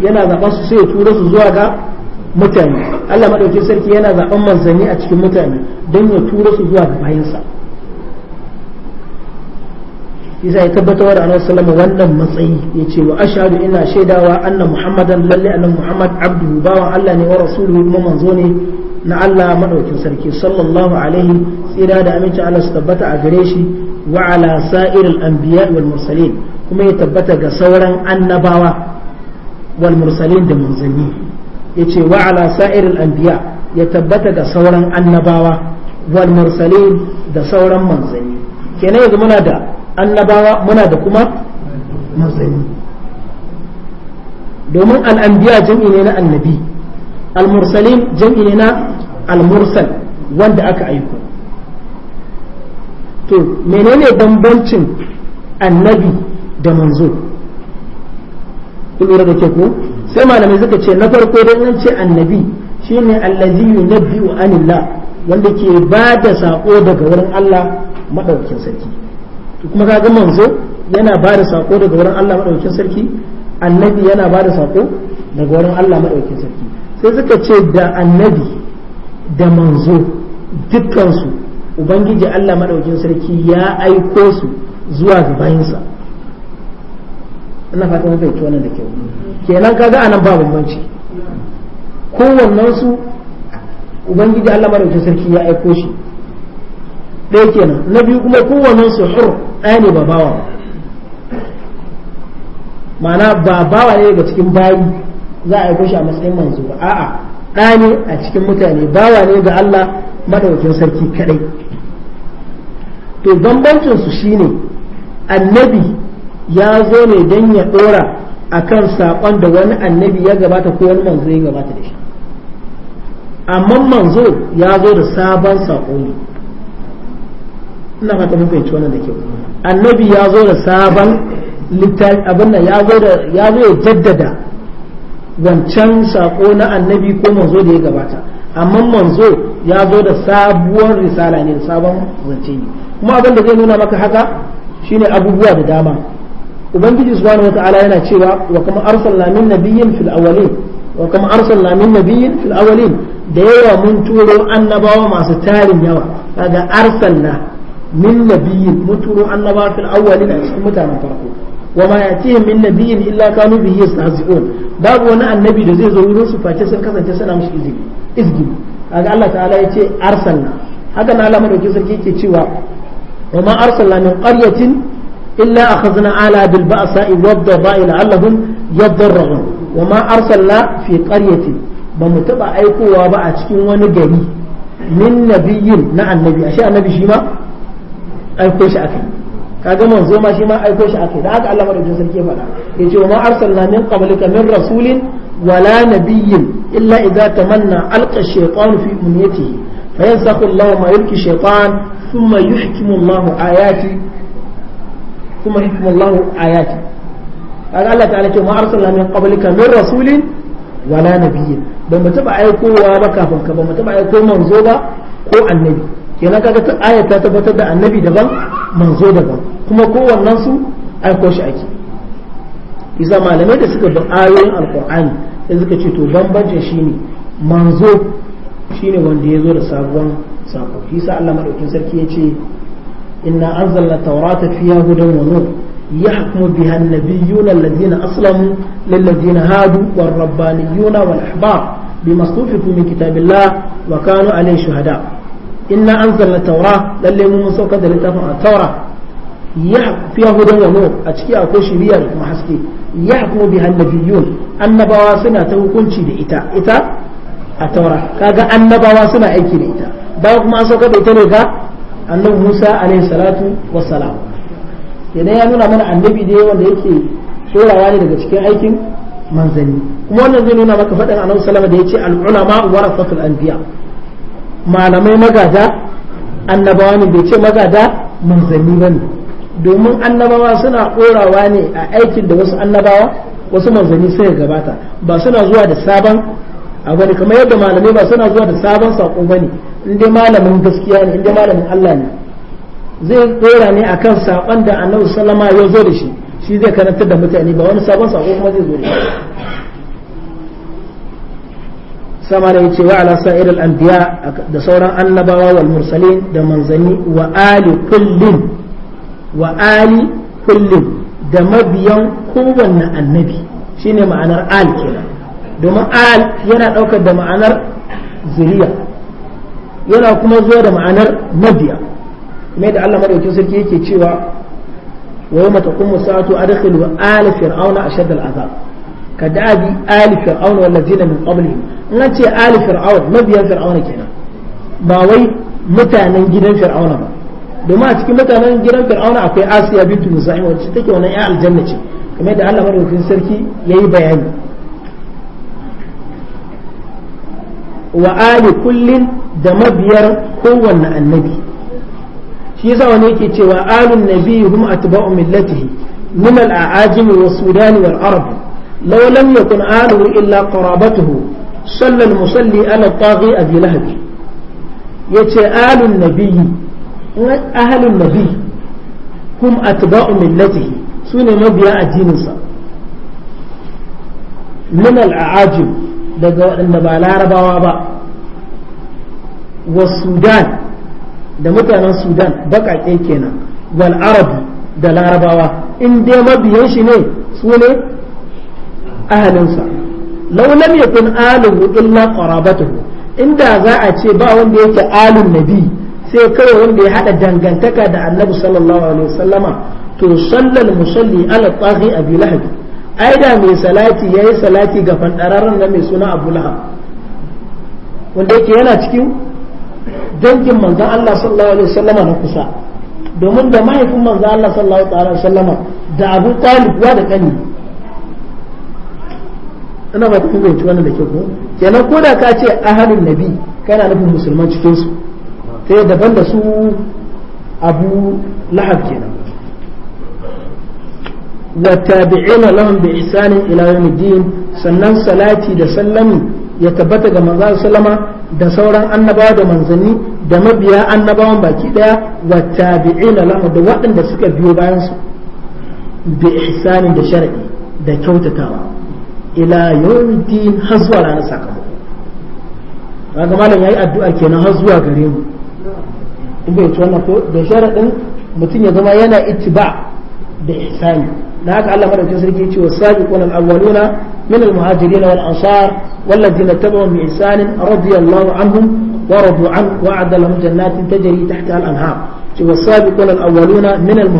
yana zaben su sai ya tura su zuwa ga mutane Allah madaukin sarki yana zaɓen manzanni a cikin mutane don ya tura su zuwa ga bayansa isa ya tabbatar wa ranar salama wannan matsayi ya ce wa ashadu ina shaidawa anna muhammadan lalle annan muhammad abduhu bawan Allah ne wa rasuluhu kuma manzo ne na Allah madaukin sarki sallallahu alaihi tsira da aminci Allah su tabbata a gare shi wa ala sa'iril anbiya wal mursalin kuma ya tabbata ga sauran annabawa wal mursalin da manzanni yace wa ala sa'iril anbiya ya tabbata da sauran annabawa wal mursalin da sauran manzanni kenan yanzu muna da annabawa muna da kuma manzanni domin anbiya jam'i ne na annabi al-mursalin jam'i ne na al-mursal wanda aka aiko to menene bambancin annabi da manzo kun da ke ko sai malamai suka ce na farko don nan ce annabi shine allazi yunabbi'u anillah wanda ke ba da sako daga wurin Allah madaukakin sarki kuma kaga manzo yana ba da sako daga wurin Allah madaukakin sarki annabi yana ba da sako daga wurin Allah madaukakin sarki sai suka ce da annabi da manzo dukkansu ubangiji Allah madaukakin sarki ya aiko su zuwa ga bayinsa ina fatan zai wannan da kyau kenan kaga anan ba bambanci kowannen su ubangiji Allah madaukakin sarki ya aiko shi ɗaya kenan na biyu kuma kowannen su hur ɗaya ne ba ba ma'ana ne ga cikin bayi za a aiko shi a matsayin manzo ba a'a ɗa ne a cikin mutane bawa ne ga Allah madaukakin sarki kaɗai. to bambancin su shine annabi ya zo ne don ya ɗora a kan saƙon da wani annabi ya gabata ko wani manzo ya gabata da shi amma manzo ya zo da sabon saƙo ne ina fata mun fahimci wannan da kyau annabi ya zo da sabon littafi abin da ya zo da ya zo ya jaddada wancan saƙo na annabi ko manzo da ya gabata amma manzo ya zo da sabuwar risala ne sabon zance ne kuma abin da zai nuna maka haka shine abubuwa da dama ubangiji subhanahu wata'ala yana cewa wa kama arsalna min nabiyyin fil awwalin wa kama arsalna min nabiyyin fil awwalin da yawa mun turo annabawa masu tarin yawa kaga arsalna min nabiyyin mun turo annabawa fil awwalin a cikin mutanen farko wa ma yatihim min nabiyyin illa kanu bihi yastahzi'un babu wani annabi da zai zo wurin su face sun kasance suna mishi izini izgini kaga Allah ta'ala yace arsalna haka na Allah madauki sarki yake cewa wa ma arsalna min qaryatin إلا أخذنا آلا بالبأساء والضراء لعلهم يضرعون وما أرسلنا في قرية بمتبع أيكو وابع تكين ونجري من نبي نع النبي أشياء النبي شيما أيكو شأكي kaga manzo ma shi ma aiko shi akai da haka Allah madaukakin sarki ya faɗa yace ma arsalna min qablika min rasulin wala nabiyyin illa idza tamanna alqa shaytanu fi umniyatihi fayansakhu Allahu ma yulki shaytan thumma yuhkimu kuma hikmallahu ayati kaga Allah ta'ala ce ma arsalna min qablika min rasulin wala nabiyyin ba mu taba aikowa ba kafin ka ba mu taba aiko manzo ba ko annabi kenan kaga ta aya ta tabbatar da annabi daban manzo daban kuma wannan su aiko shi ake isa malamai da suka bi ayoyin alqur'ani sai suka ce to bambancin shine manzo shine wanda ya zo da sabon sako shi sa Allah madaukin sarki ya ce إنا أنزلنا التوراة فيها هدى ونور يحكم بها النبيون الذين أسلموا للذين هادوا والربانيون والأحبار بما استوفقوا من كتاب الله وكانوا عليه شهداء إنا أنزلنا التوراة للي من سوكة التوراة فيها هدى ونور أتكي أكو شريا محسكي يحكم بها النبيون النبوة سنة تهكون شيء إتا إتا التوراة كاقا النبوة سنة أيكي إتا باوك ما سوكة إتا annabi Musa alaihi salatu wassalam idan ya nuna mana annabi da wanda yake tsorawa ne daga cikin aikin manzanni kuma wannan zai nuna maka faɗin annabi salama da ya ce al'ulama warafatul anbiya malamai magada annabawa ne bai ce magada manzanni ba ne domin annabawa suna ɗorawa ne a aikin da wasu annabawa wasu manzanni suka gabata ba suna zuwa da sabon abu ne kamar yadda malamai ba suna zuwa da sabon sako ba ne in dai malamin gaskiya ne in dai malamin Allah ne zai dora ne akan saban da annabi sallama ya zo da shi shi zai karantar da mutane ba wani sabon sako kuma zai zo da shi sama da yace wa ala sa'ir al anbiya da sauran annabawa wal mursalin da manzanni wa ali kullin wa ali kullin da mabiyan kowanne annabi shine ma'anar al kenan domin al yana daukar da ma'anar zuriya yana kuma zuwa da ma'anar mabiya mai da Allah madaukin sarki yake cewa wa yawma taqumu sa'atu adkhilu ala fir'auna ashadda al'azab ka da'abi ali fir'auna wal ladina min qablihim in ce ali fir'aun mabiyan fir'auna kenan ba wai mutanen gidan fir'auna ba domin a cikin mutanen gidan fir'auna akwai asiya bintu musa'im wacce take wannan ya aljanna ce kamar da Allah madaukin sarki yayi bayani wa ali da mabiyar kowanne annabi shi yasa wani yake cewa alun nabi hum atba'u millatihi min al-aajim wa sudan wal arab law lam yakun aluhu illa qarabatuhu salla musalli ala taghi abi lahab yace alun nabi ahlun nabi hum atba'u millatihi sune mabiya addinin sa min al-aajim daga waɗanda ba larabawa ba wa sudan da mutanen sudan baƙaƙe kenan wal arabu da larabawa in dai mabiyan shi ne su ne ahalinsa law ya kun aluhu illa qarabatuhu inda za a ce ba wanda yake alun nabi sai kawai wanda ya haɗa dangantaka da annabi sallallahu alaihi wasallama to sallal musalli ala taghi abi lahabi ai da mai salati yi salati ga fandararren na mai suna Abu laha wanda yake yana cikin dangin manzan Allah sallallahu alaihi wasallama na kusa domin da mahaifin manzan Allah sallallahu alaihi wasallama da Abu Talib wa da kani ina ba ta fahimci wannan da ke ko kenan ko da ka ce ahalin nabi kana nufin musulman cikin su sai daban da su abu lahab kenan والتابعين لهم بإحسان إلى يوم الدين سنن صلاتي دا سلمي يتبتغ من ذا سلم دا سورا أنبا دا منزني دا مبيا أنبا باكي دا والتابعين لهم دا وقن دا سكا بيو باينس بإحسان دا شرعي دا كوتا تاوى إلى يوم الدين هزوى لنا ساكمو kaga malam yayi addu'a kenan har zuwa gare mu in bai ci wannan ko da sharadin mutum ya zama yana ittiba da ihsani da haka Allah madaukin sarki ce wa sabiqun al-awwaluna minal al-muhajirin wal ansar wal ladina tabu bi ihsan radiyallahu anhum wa radu an wa adalahum jannatin ta tahta al-anhar ce wa sabiqun al-awwaluna min al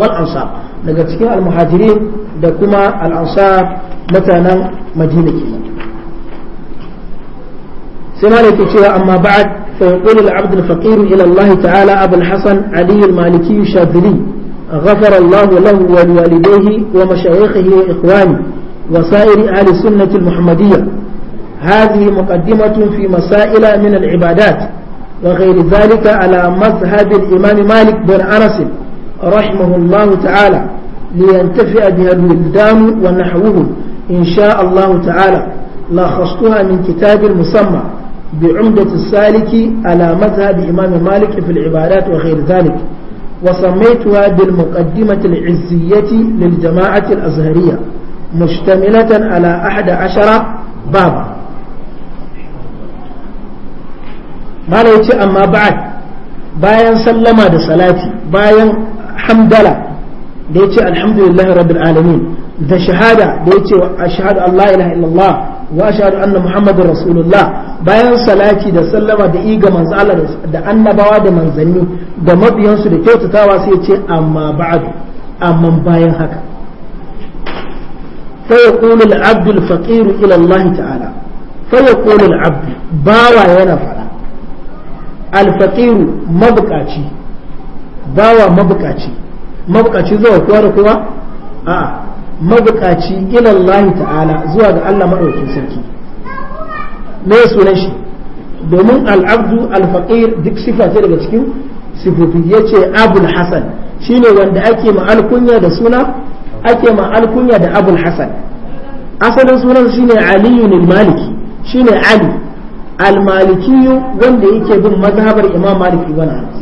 wal ansa daga cikin al-muhajirin da kuma al-ansar mutanen madina ke sai ma yake cewa amma ba'ad fa yaqulu al-abd al ta'ala abul hasan ali al-maliki shadri غفر الله له ولوالديه ومشايخه وإخوانه وسائر أهل السنة المحمدية هذه مقدمة في مسائل من العبادات وغير ذلك على مذهب الإمام مالك بن أنس رحمه الله تعالى لينتفع بها الولدان ونحوه إن شاء الله تعالى لخصتها من كتاب المسمى بعمدة السالك على مذهب إمام مالك في العبادات وغير ذلك وسميتها بالمقدمة العزية للجماعة الأزهرية مشتملة على أحد عشر بابا ما لا أما بعد bayan sallama da salati bayan hamdala da ya ce alhamdulillahi rabbil alamin da shahada da ya ce ashhadu an la ilaha illallah wa ashhadu anna muhammadar rasulullah bayan salati da sallama da iga manzo da annabawa da manzanni da mabiyansu da kyautatawa sai ce amma ba'du amma bayan haka fa yaqulu al-abdu al-faqir ila Allah ta'ala fa yaqulu al-abdu bawa yana fara al-faqir mabukaci bawa mabukaci mabukaci zuwa kuwa da kowa a'a mabukaci ila Allah ta'ala zuwa ga Allah madaukakin sarki me sunan shi domin al'abdu al-faqir duk sifa ce daga cikin sifofi ya ce abul hasan shine wanda ake ma alkunya da suna ake ma alkunya da abul hasan asalin sunan shine aliyun al-maliki shine ali al-malikiyu wanda yake bin mazhabar imam maliki ibn anas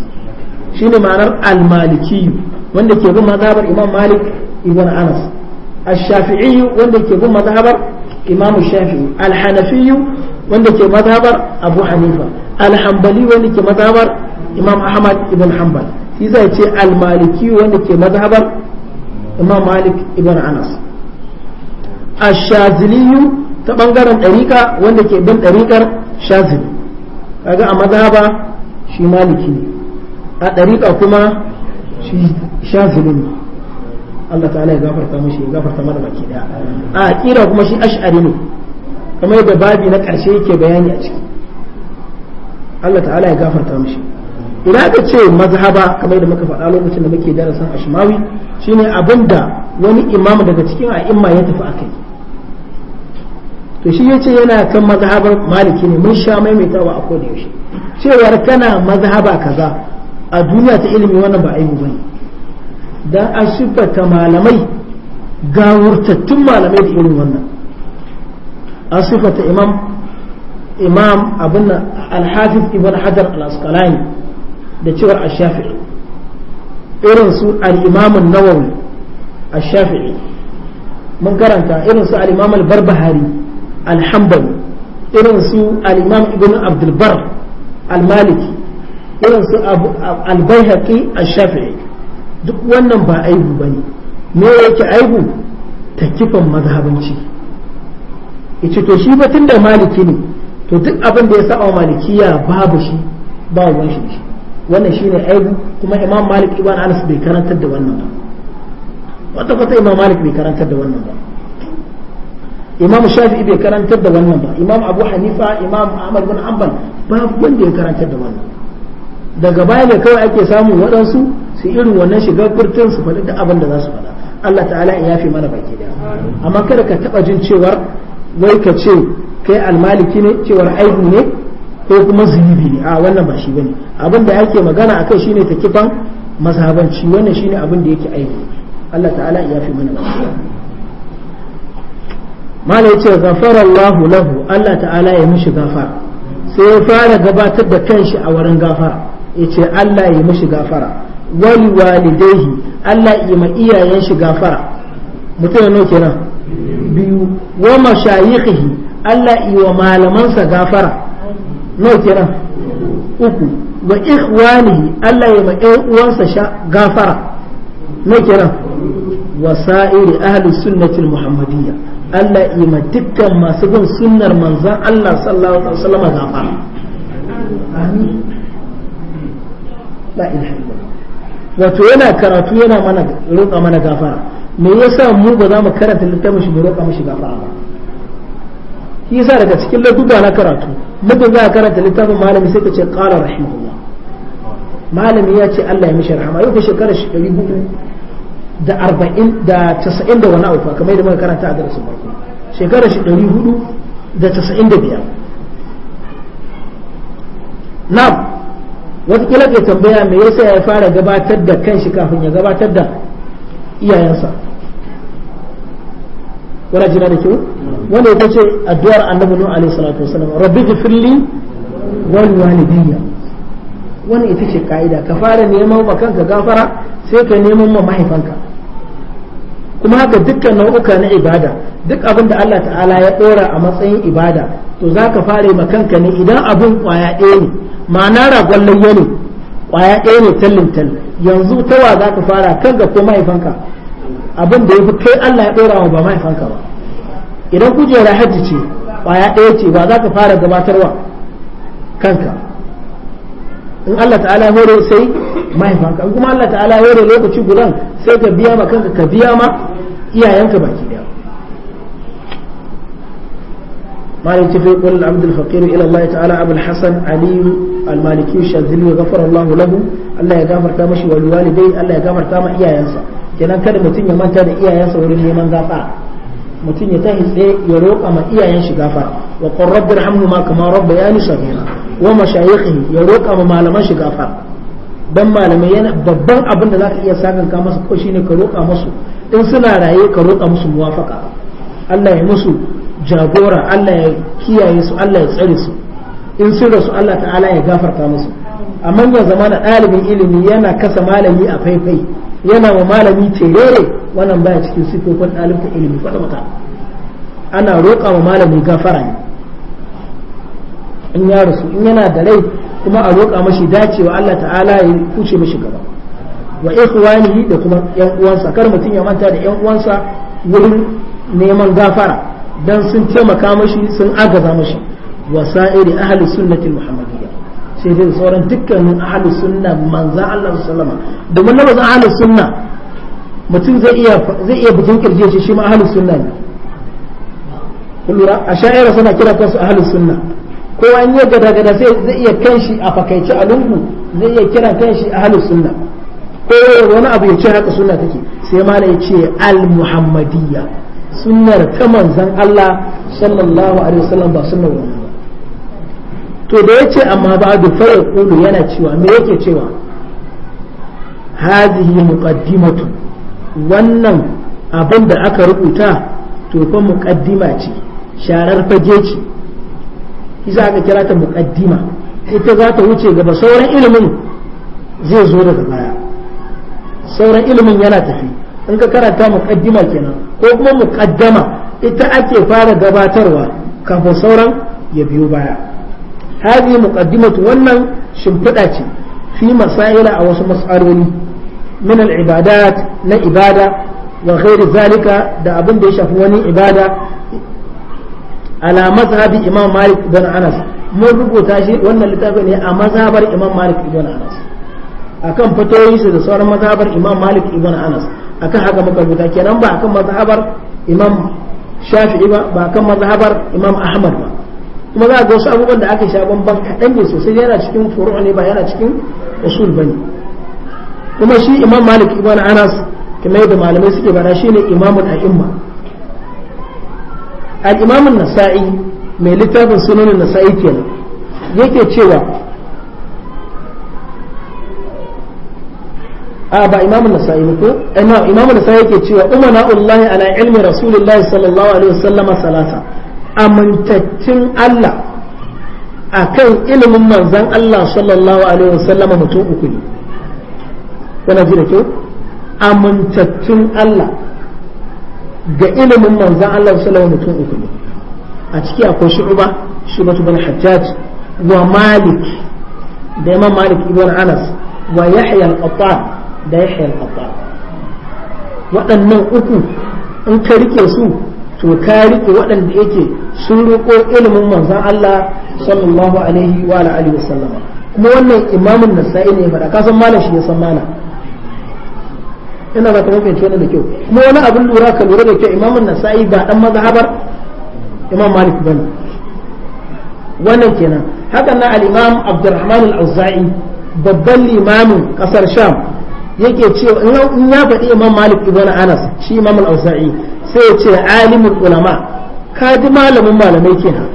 shine ma'anar al-malikiyu wanda ke bin mazhabar imam malik ibn anas الشافعي wanda ke bin mazhabar imamu shafi'i alhanafiyu wanda ke mazhabar abu hanifa alhambali wanda ke mazhabar imam ahmad ibn hanbal shi zai ce almaliki wanda ke mazhabar imam malik ibn anas ashaziliyu ta bangaren ɗarika wanda ke bin ɗarikar shazili kaga a mazhaba shi maliki ne a ɗarika kuma shi shazili ne Allah ta'ala ya gafarta mashi ya gafarta mana baki ɗaya. a ƙira kuma shi ash'ari ne kamar yadda babi na ƙarshe yake bayani a ciki Allah ta'ala ya gafarta mishi ina ka ce mazhaba kamar da muka faɗa lokacin da muke darasin ashmawi shine da wani imam daga cikin a'imma ya tafi akai to shi yace yana kan mazhabar maliki ne mun sha maimaitawa a da yaushe cewa kana mazhaba kaza a duniya ta ilimi wannan ba aibu bane dan a siffata malamai gawurtattun malamai da irin wannan an sifata imam imam abin alhafiz ibn hajar al-asqalani da cewar ash-shafi'i irin su al-imam an-nawawi ash-shafi'i mun karanta irin su al-imam al-barbahari al-hanbali irin su al-imam ibn abdul bar al-maliki irin su al-baihaqi ash-shafi'i duk wannan ba aibu bane me yake aibu takifan mazhabanci yace to shi ba tunda maliki ne to duk abin da ya saba malikiya babu shi ba ruwan shi shi wannan shine aibu kuma imam malik ibn anas bai karantar da wannan ba wata kwata imam malik bai karantar da wannan ba imam shafi'i bai karantar da wannan ba imam abu hanifa imam ahmad bin hanbal babu wanda ya karantar da wannan daga baya ne kawai ake samun waɗansu su irin wannan shiga furtun su faɗi da abin da za su faɗa Allah ta'ala ya fi mana baki daya amma kada ka taɓa jin cewar wai ka ce kai almaliki ne cewar aibu ne ko kuma zunubi ne a wannan ba shi bane abin da ake magana akai shine ta kifan mazhabanci wannan shine abin da yake aibu Allah ta'ala ya fi mana mala yace ghafarallahu lahu Allah ta'ala ya mishi gafara sai ya fara gabatar da kanshi a wurin gafara yace Allah ya mishi gafara wali walidaihi Allah ya ma iyayen shi gafara mutum ne kenan biyu wa mashayikhihi Allah yi wa malamansa gafara nawa kenan uku wa ikhwanihi Allah yi ma ƴan uwansa gafara nawa kenan wa sa'iri ahli sunnatil muhammadiyya Allah yi ma dukkan masu bin sunnar manzon Allah sallallahu alaihi wasallam gafara amin la ilaha illallah wato yana karatu yana mana roƙa mana gafara me yasa mu ba za mu karanta littafin shi mu roƙa mishi gafara ba shi yasa daga cikin ladduba na karatu mutum za a karanta littafin malami sai ka ce qala rahimahullah malami ya ce Allah ya mishi rahama yau ka shekara shi ɗari hudu da arba'in da tasa'in da wani auka kamar yadda muka karanta a darasin farko shekara shi ɗari hudu da tasa'in da biyar na wata kila ke tambaya me yasa ya fara gabatar da kanshi kafin ya gabatar da iyayensa wani jina da kyau wanda ya ce addu'ar annabi nuhu alaihi salatu wasallam rabbi ghfirli wal walidayya wani ita ce ka'ida ka fara neman ma kanka gafara sai ka neman ma mahaifanka kuma haka dukkan nau'uka na ibada duk abin da Allah ta'ala ya dora a matsayin ibada to za ka fara ma kanka ne idan abin kwaya ɗaya ne ma'ana ragon ne kwaya ɗaya ne tallin tallin yanzu ta wa za ka fara kanka ko mahaifanka abin da ya fi kai Allah ya ɗora wa ba mahaifanka ba idan kujera hajji ce ya ɗaya ce ba za ka fara gabatarwa kanka in Allah ta'ala ya hore sai mahaifanka in kuma Allah ta'ala ya hore lokaci gudan sai ka biya ma kanka ka biya ma iyayenka baki ما ينتفي يقول العبد الفقير إلى الله تعالى أبو الحسن علي المالكي الشاذلي غفر الله له الله يغفر تامشي والوالدين الله يغفر تام إيا ينسى kada mutum ya manta da iyayensa wurin neman gafara mutum ya tahi tsaye ya roƙa ma iyayen shi gafara wa qur rabbi irhamhuma kama rabbayani saghira wa mashayikhi ya roƙa ma malaman shi gafara dan malamai yana babban abin da zaka iya sakan ka masa ko shine ka roƙa musu in suna raye ka roƙa musu muwafaka Allah ya musu jagora Allah ya kiyaye su Allah ya tsare su in sun rasu Allah ta'ala ya gafarta musu amma ya zama da ɗalibin ilimi yana kasa malami a faifai yana wa malami terere wannan baya cikin sifofin ɗalibin ilimi kwata-kwata ana roƙa wa malami gafara ne in ya rasu in yana da rai kuma a roƙa mashi dacewa Allah ta'ala ya kuce mashi gaba wa ikhwanihi da kuma yan uwansa kar mutum ya manta da yan uwansa wurin neman gafara dan sun taimaka mashi sun agaza mashi wa sa'iri ahli sunnati muhammadiyya sai dai sauran dukkanin ahli sunna manzan Allah sallama domin na manzan ahli sunna mutum zai iya zai iya bikin kirje shi shi ma ahli sunna ne kullura a sha'ira suna kira kansu ahli sunna kowa in ya gada gada sai zai iya kanshi a fakaice a lungu zai iya kira kanshi ahli sunna ko wani abu ya ce haka sunna take sai ma ya ce al muhammadiyya sunnar ta manzon Allah sallallahu alaihi wasallam ba sunnar wani ba to da yace amma ba da fa kulu yana cewa me yake cewa hadhihi muqaddimatu wannan abin da aka rubuta to fa muqaddima ce sharar fage ce isa aka kira ta muqaddima ita za ta wuce gaba sauran ilimin zai zo daga baya sauran ilimin yana tafi in ka karanta muqaddima kenan ko kuma muqaddama ita ake fara gabatarwa kafin sauran ya biyo baya hadi muqaddimatu wannan shimfiɗa ce fi masaila a wasu mas'aloli min al-ibadat na ibada wa ghairi zalika da abin da ya shafi wani ibada ala mazhabi imam malik ibn anas mun rubuta shi wannan littafin ne a mazhabar imam malik ibn anas akan fatoyinsu da sauran mazhabar imam malik ibn anas akan haka muka rubuta kenan ba akan mazhabar imam shafi'i ba ba akan mazhabar imam ahmad ba kuma za a ga wasu abubuwan da aka sha ban kaɗan ne sosai yana cikin furu ne ba yana cikin usul ba ne kuma shi imam malik ibn anas kamar yadda malamai suke bada shi ne a'imma al al'imamin nasai mai littafin sunanin nasa'i kenan yake cewa a ba imamu nasa'i ne ko eh, imamu nasa'i yake cewa umana ullahi ala ilmi rasulillahi sallallahu alaihi wasallam salasa amintattun Allah akan ilimin manzan Allah sallallahu alaihi wasallam mutum uku ne kana ji da kyau amintattun Allah ga ilimin manzan Allah sallallahu alaihi mutum uku ne a ciki akwai shu'uba shubatu bin hajjaj wa malik da imam malik ibn anas wa yahya al-qattan da yahya al-qattan waɗannan uku in ka rike su to ka rike waɗanda yake sun roƙo ilimin manzon Allah sallallahu alaihi wa alihi wasallama kuma wannan imamun nasa'i ne faɗa kasan malam shi ya san mana ina ba ta mafince wannan da kyau kuma wani abin lura ka lura da kyau imamun nasa'i ba dan mazhabar imam malik bane wannan kenan hakan na al-imam abdurrahman al-auza'i babban limamin kasar sham yake cewa in ya faɗi imam malik ibn anas shi imam al-ausa'i sai ya ce alimul ulama ka ji malamin malamai kenan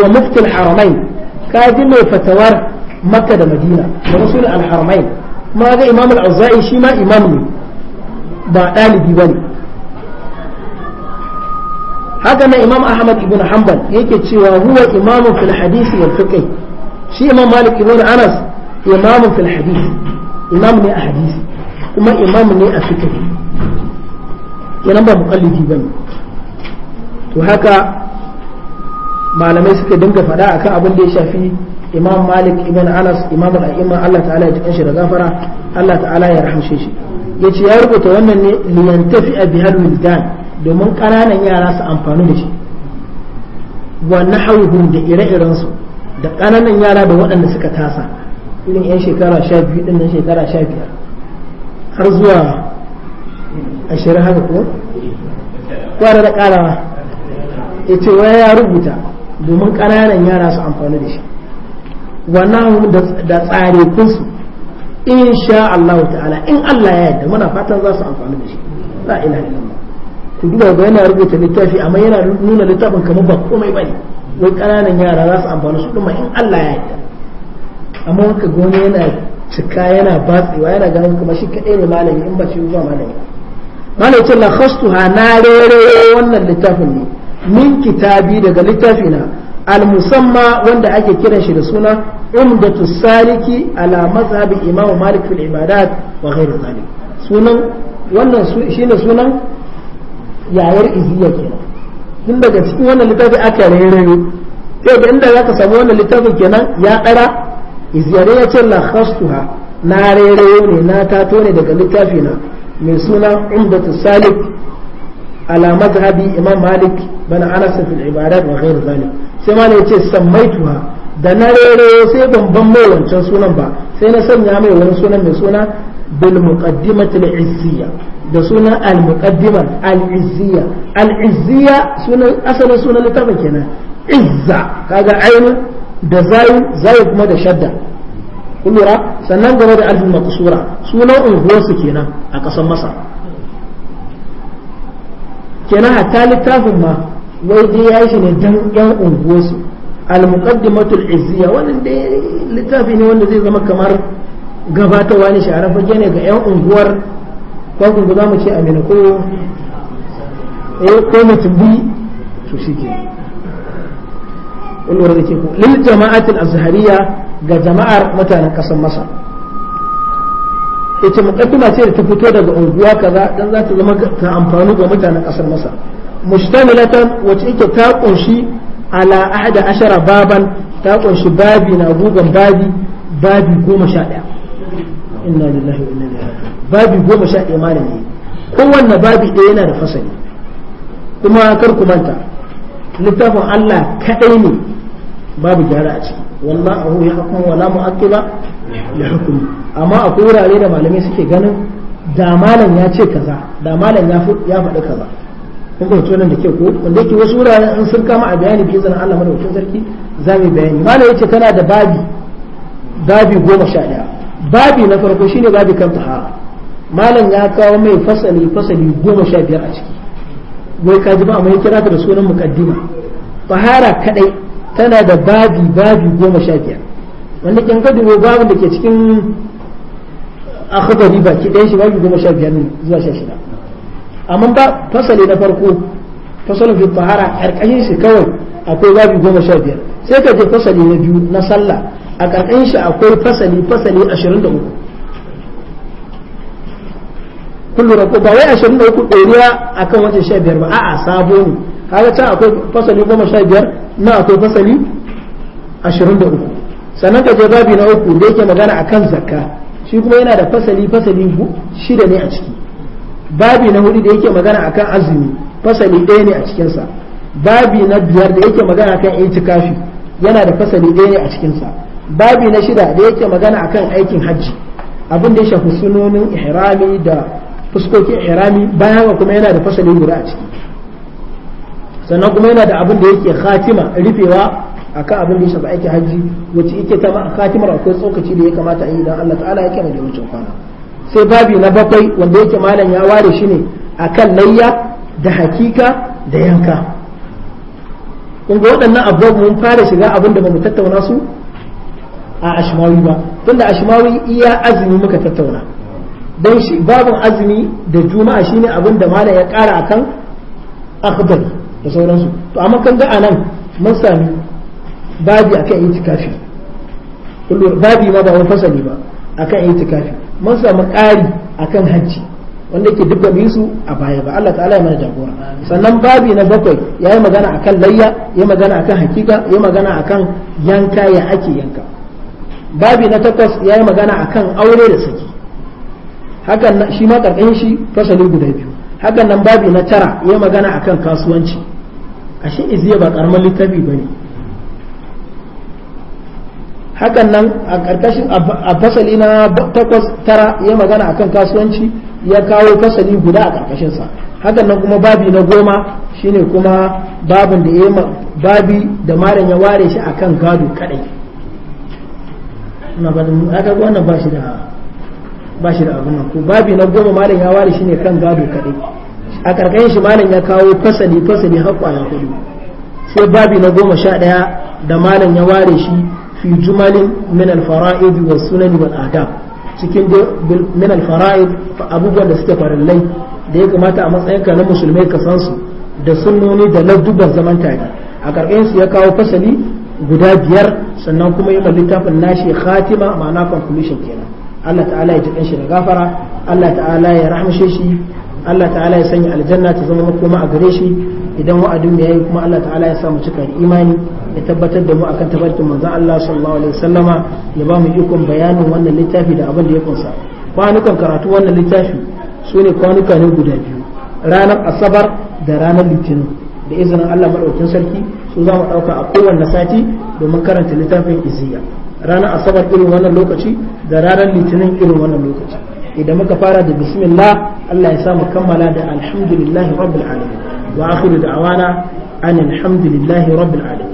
wa muftil haramain ka ji mai fatawar makka da madina da rasul al-haramain kuma ga imam al-ausa'i shi ma imam ne ba ɗalibi ba ne haka nan imam ahmad ibn hanbal yake cewa huwa imamun fil hadisi wal fiqh shi imam malik ibn anas imamun fil hadisi imam ne a hadisi kuma imam ne a fikri kenan ba mukallidi bane to haka malamai suka dinga faɗa akan abin da ya shafi imam malik ibn anas imam al-a'imma Allah ta'ala ya ji kanshi da gafara Allah ta'ala ya rahamshe shi yace ya rubuta wannan ne liyantafi bi hal wildan domin kananan yara su amfani da shi wa nahawhum da ire-irensu da kananan yara da waɗanda suka tasa irin yan shekara sha biyu din nan shekara sha biyar har zuwa ashirin haka ko kwara da karawa ya ce waya ya rubuta domin ƙananan yara su amfani da shi wannan da tsare kunsu in sha Allah ta'ala in Allah ya yadda muna fatan za su amfani da shi la ilaha illallah ku duba ga yana rubuta littafi amma yana nuna littafin kamar ba komai bane wai ƙananan yara za su amfani su ɗuma in Allah ya yadda. amma wanka gona yana cika yana batsewa yana ganin kuma shi kaɗai ne malami in ba shi zuwa malami malami ce la khastuha na rere wannan littafin ne min kitabi daga littafi na al-musamma wanda ake kiran shi da suna umdatu saliki ala mazhabi imam malik fil ibadat wa ghairu zalik sunan wannan shine sunan yayar iziya kenan tun daga cikin wannan littafi aka rere sai da inda zaka samu wannan littafin kenan ya dara iziyar ya ce na khastuha na rairayo ne na tato ne daga littafi na mai suna umdatu salik ala mazhabi imam malik bana anas ibada ibadat wa ghayr zalik sai ma ne yace sammaituha da na rairayo sai ban ban mai wancan sunan ba sai na sanya mai wani sunan mai suna bil muqaddimati izziya da sunan al muqaddima al izziya al izziya sunan asalin sunan littafin kenan izza kaga ainu da zai zai kuma da shadda kullura sannan gaba da alfin makusura sunan unguwarsu kenan a ƙasar masa kenan hatta littafin ma wai dai ya shi ne dan yan unguwarsu al-muqaddimatul izziya wannan dai littafi ne wanda zai zama kamar gabatarwa ne shara fage ne ga yan unguwar ko kun za mu ce amina ko eh ko mutubi to shi kun lura da ke ku lil jama'atil azhariya ga jama'ar mutanen kasar masar ita muqaddima ce da ta fito daga unguwa kaza dan za ta zama ta amfanu ga mutanen kasar masar mustamilatan wace ita ta kunshi ala ahada ashara baban ta kunshi babi na gugan babi babi goma sha ɗaya inna lillahi wa inna ilaihi babi goma sha ɗaya malami kowanne babi ɗaya yana da fasali kuma kar ku manta littafin Allah kaɗai ne babu gyara a ciki wallahu ya hukum wala mu'aqqiba ya hukum amma akwai wurare da malamai suke ganin da malam ya ce kaza da malam ya ya faɗi kaza kun ga hoton da ke ko wanda yake wasu wuraren in sun kama a bayani bi zan Allah madaukakin sarki za mu bayani malam yace tana da babi babi goma sha ɗaya babi na farko shine babi kan tahara malam ya kawo mai fasali fasali goma sha biyar a ciki wai ji ba mai kira ta da sunan muqaddima tahara kadai tana da babi babi goma sha biyar wanda kin ka dubo babin da ke cikin akhbari ki dai shi babi goma sha biyar ne zuwa sha shida amma ba fasali na farko fasalin fi tahara kai shi kawai akwai babi goma sha biyar sai ka je fasali na biyu na sallah a ƙarƙashin shi akwai fasali fasali ashirin da uku kullum ba wai ashirin da uku akan wajen sha biyar ba a'a sabo ne kaga can akwai fasali goma sha biyar na akwai fasali ashirin da uku sannan ka je babi na uku da yake magana kan zakka shi kuma yana da fasali fasali shida ne a ciki babi na hudu da yake magana akan azumi fasali ɗaya ne a cikinsa babi na biyar da yake magana akan itikafi yana da fasali ɗaya ne a cikinsa babi na shida da yake magana akan aikin hajji abin da ya shafi sunonin ihrami da fuskokin ihrami bayan kuma yana da fasali guda a ciki sannan kuma yana da abin da yake khatima rufewa akan abin da ya shafi aikin hajji wacce yake ta khatimar akwai tsokaci da ya kamata a yi dan Allah ta'ala yake mai da wucin kwana sai babi na bakwai wanda yake malam ya ware shi ne akan layya da hakika da yanka kun ga waɗannan abubuwan mun fara shiga abin da bamu tattauna su a ashmawi ba tunda ashmawi iya azumi muka tattauna dan shi babin azumi da juma'a shine abin da malam ya ƙara akan akhdari da sauransu to amma kan ga anan mun sami babi akan itikafi kullu babi ma ba wani fasali ba akan itikafi mun sami ƙari akan hajji wanda yake duk gabi su a baya ba Allah ta'ala ya mana jagora sannan babi na bakwai ya yi magana akan layya ya magana akan hakika ya magana akan yanka ya ake yanka babi na takwas ya yi magana akan aure da saki hakan shi ma karkashin shi fasali guda biyu hakan nan babi na tara ya magana akan kasuwanci ashe iziya ba karamar littafi ba ne hakan nan a ƙarƙashin a fasali na takwas tara ya magana akan kasuwanci ya kawo fasali guda a ƙarƙashinsa hakan nan kuma babi na goma shine kuma babin da ya babi da malam ya ware shi akan gado kadai ina ba aka ga wannan ba shi da ba shi da abin nan ko babi na goma malam ya ware shi ne kan gado kadai a karkashin shi malam ya kawo fasali fasali har kwaya hudu sai babi na goma sha ɗaya da malam ya ware shi fi jumalin min alfara'id wa sunani wal adab cikin min alfara'id abubuwan da suke farallai da ya kamata a matsayinka na musulmai ka san su da sunnoni da ladduban zaman tare a karkashin su ya kawo fasali guda biyar sannan kuma yi littafin nashi khatima ma'ana conclusion kenan Allah ta'ala ya ji shi da gafara Allah ta'ala ya rahmashe shi Allah ta'ala ya sanya aljanna ta zama makoma a gare shi idan wa'adin da yayi kuma Allah ta'ala ya samu cika da imani ya tabbatar da mu akan tabarkin manzon Allah sallallahu alaihi wasallama ya ba mu ikon bayanin wannan littafi da abin da ya kunsa kwanukan karatu wannan littafi ne kwanuka ne guda biyu ranar asabar da ranar litinin da izinin Allah madaukakin sarki su za mu dauka a kowanne sati domin karanta littafin iziya ranar asabar irin wannan lokaci da ranar litinin irin wannan lokaci idan muka fara da bismillah Allah ya sa samu kammala da alhamdulillahi rabbil alamin wa akhiru da'wana anil hamdulillahi rabbil alamin